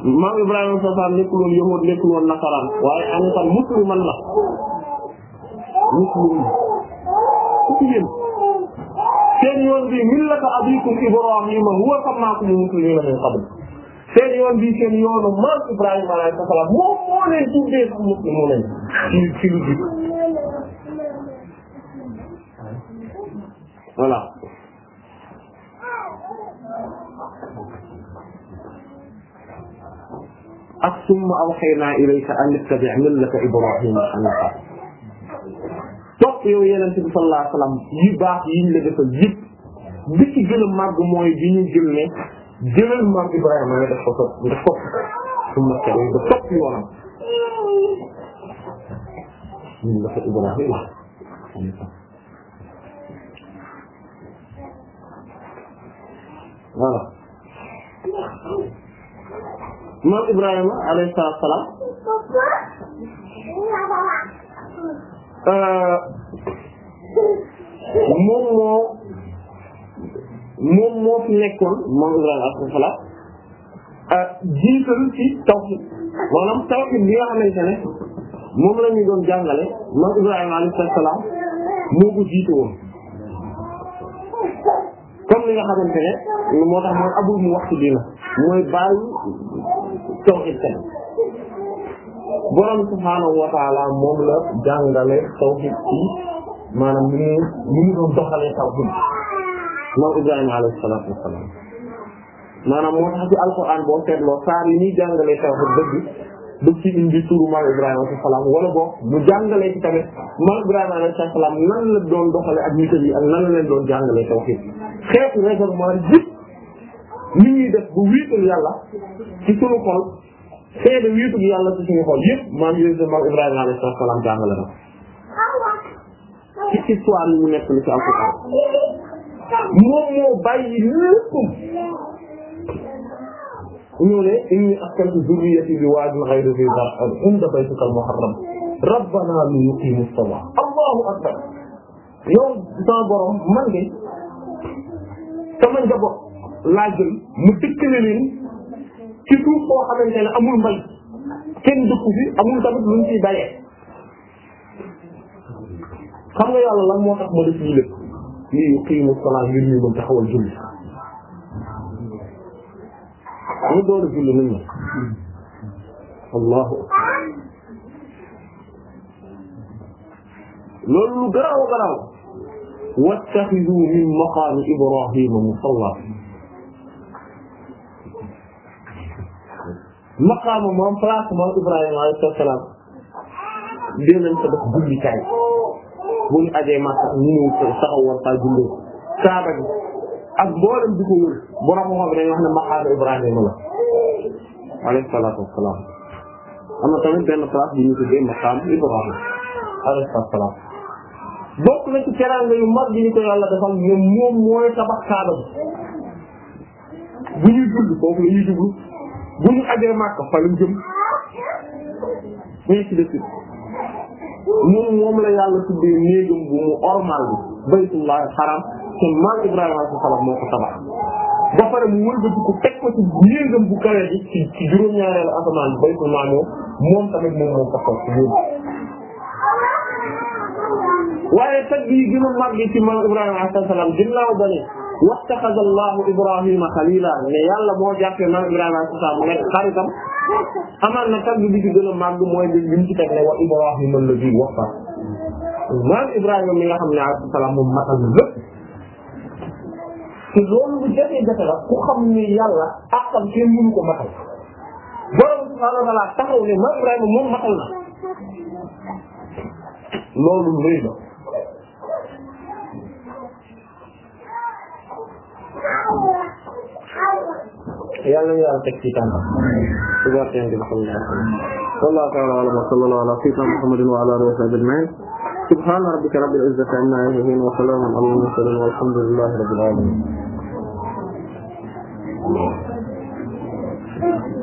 maam Ibrahima sa sa nekkul woon yahuud nekkul woon nasaraan waaye anifan musliman la muslim jigéen seen yoon bi millata abikum Ibrahima huwa samaakum muslimiina min qabl seen yoon bi seen yoonu maam Ibrahima alayhi salaam moom moo leen tuddee sax muslimu leen ci ci lu voilà summa awhaynaa ilayka an ittabi' millata Ibrahima haniifa topp yow yonent bi sallallahu alayhi wa sallam yu baax yiñ la defal yëpp bi ci gën a màgg mooy bi ñu jël ne jëlal maam Ibrahima nga def ko topp nga topp summa tabi' nga topp yoonam millata Ibrahima haniifa voilà maam Ibrahima alayhi salaam euh, moom moo moom moo fi nekkoon maam Ibrahima alayhi salaam euh, jiital ci tawhid maanaam tawhid bi nga xamante ne moom la ñu doon jàngale maam Ibrahima alayhi salaam moo ko jiite woon comme li nga xamante ne moo tax mooy abul mu waxtu dina mooy bàyyi. tawhid ten borom subhaanahu wa moom la jàngale tawhid ci maanaam li ñu li ñu doon doxalee tawhid moom Ibrahima alayhi maanaam moo tax ci alquran boo seetloo saar yi ñuy jàngalee tawhid dëgg dëgg ci indi Ibrahima alayhi salaam wala mu jàngalee tamit maam Ibrahima alayhi nan la doon doxalee ak nitam yi ak nan la leen doon jàngalee tawhid xeetu raisonnement yëpp nit ñuy def bu wéetul yàlla ci suñu xol seede wéetul yàlla ci suñu xol yëpp maam yooyu de maam Ibrahima alayhi salaam jàngale na ci histoire yi mu nekk li ci Alxuraan moom moo bàyyi léppam ñëw ne inni askantu zurriyati bi waadin ghayri dhi zar'in inda baytikal muharram rabbana li yuqimu s-salaa allahu akbar yow sama borom man de sama njaboot laa jël mu dëkkale leen ci suuf koo xamante ne amul mbay kenn dëkku fi amul tamit luñ ciy bayee xam nga yàlla lan moo tax ma def lii lépp lii yuqiimu salaa ngir ñu mën taxawal julli ñu door a julli nañ la allahu akbar loolu lu garaaw garaaw wattaxidu min maqaami ibrahima musalla maqaama moom place moom Ibrahima alayhi salaam dee nañ ko def jullikaay bu ñu ajee Makka ñu ñëw taxaw war faa jullee Kaaba ak mboolem bi ko wër borom moom dañuy wax ne maqaama Ibrahima la alayhi salaatu wassalaam am tamit benn place bi ñu tuddee maqaama Ibrahima alayhi salaam bokk na ci teraanga yu mag bi ñu ko yàlla defal ñoom moom mooy tabax Kaaba bi bu ñuy julli foofu la ñuy bu ñu ajee Makka fa lañ jëm ainsi de suite moom moom la yàlla tuddee néegam bu mu ormal bi baytullahi xaram te maam Ibrahima alayhi salaam moo ko tabax ba pare mu wëlbati ko teg ko ci néegam bu kawe bi ci ci juróom-ñaareelu asamaan baytul maamuur moom tamit moom moom taxaw ci yéen. waaye tag yi gën a màgg ci maam Ibrahima alayhi salaam ginnaaw ba ne wattaxaza Allahu Ibrahima xalila ne yàlla moo jàppee maam Ibrahima alayhi salaam mu nekk xaritam amaan na tagg bi ci gën a màgg mooy bi bi mu ci teg ne wa Ibrahima alladhi waffa maam Ibrahima mi nga xam ne alayhi salaam moom matal na lépp te loolu bu jafe-jafe la ku xam ne yàlla àqam kenn mënu ko matal borom subhaanahu wa ta'aala taxaw ne maam Ibrahima moom matal na loolu rëy na. yàlla nañu yàlla teg ci tànn ci barke Yonent bi sallallahu alayhi wa sallam wallahu ta'ala a'lam wa sallallahu ala sayyidina Muhammadin wa ala alihi wa sahbihi ajma'in subhana rabbika rabbil izzati amma yasifun wa salamun ala al-mursalin walhamdulillahi rabbil alamin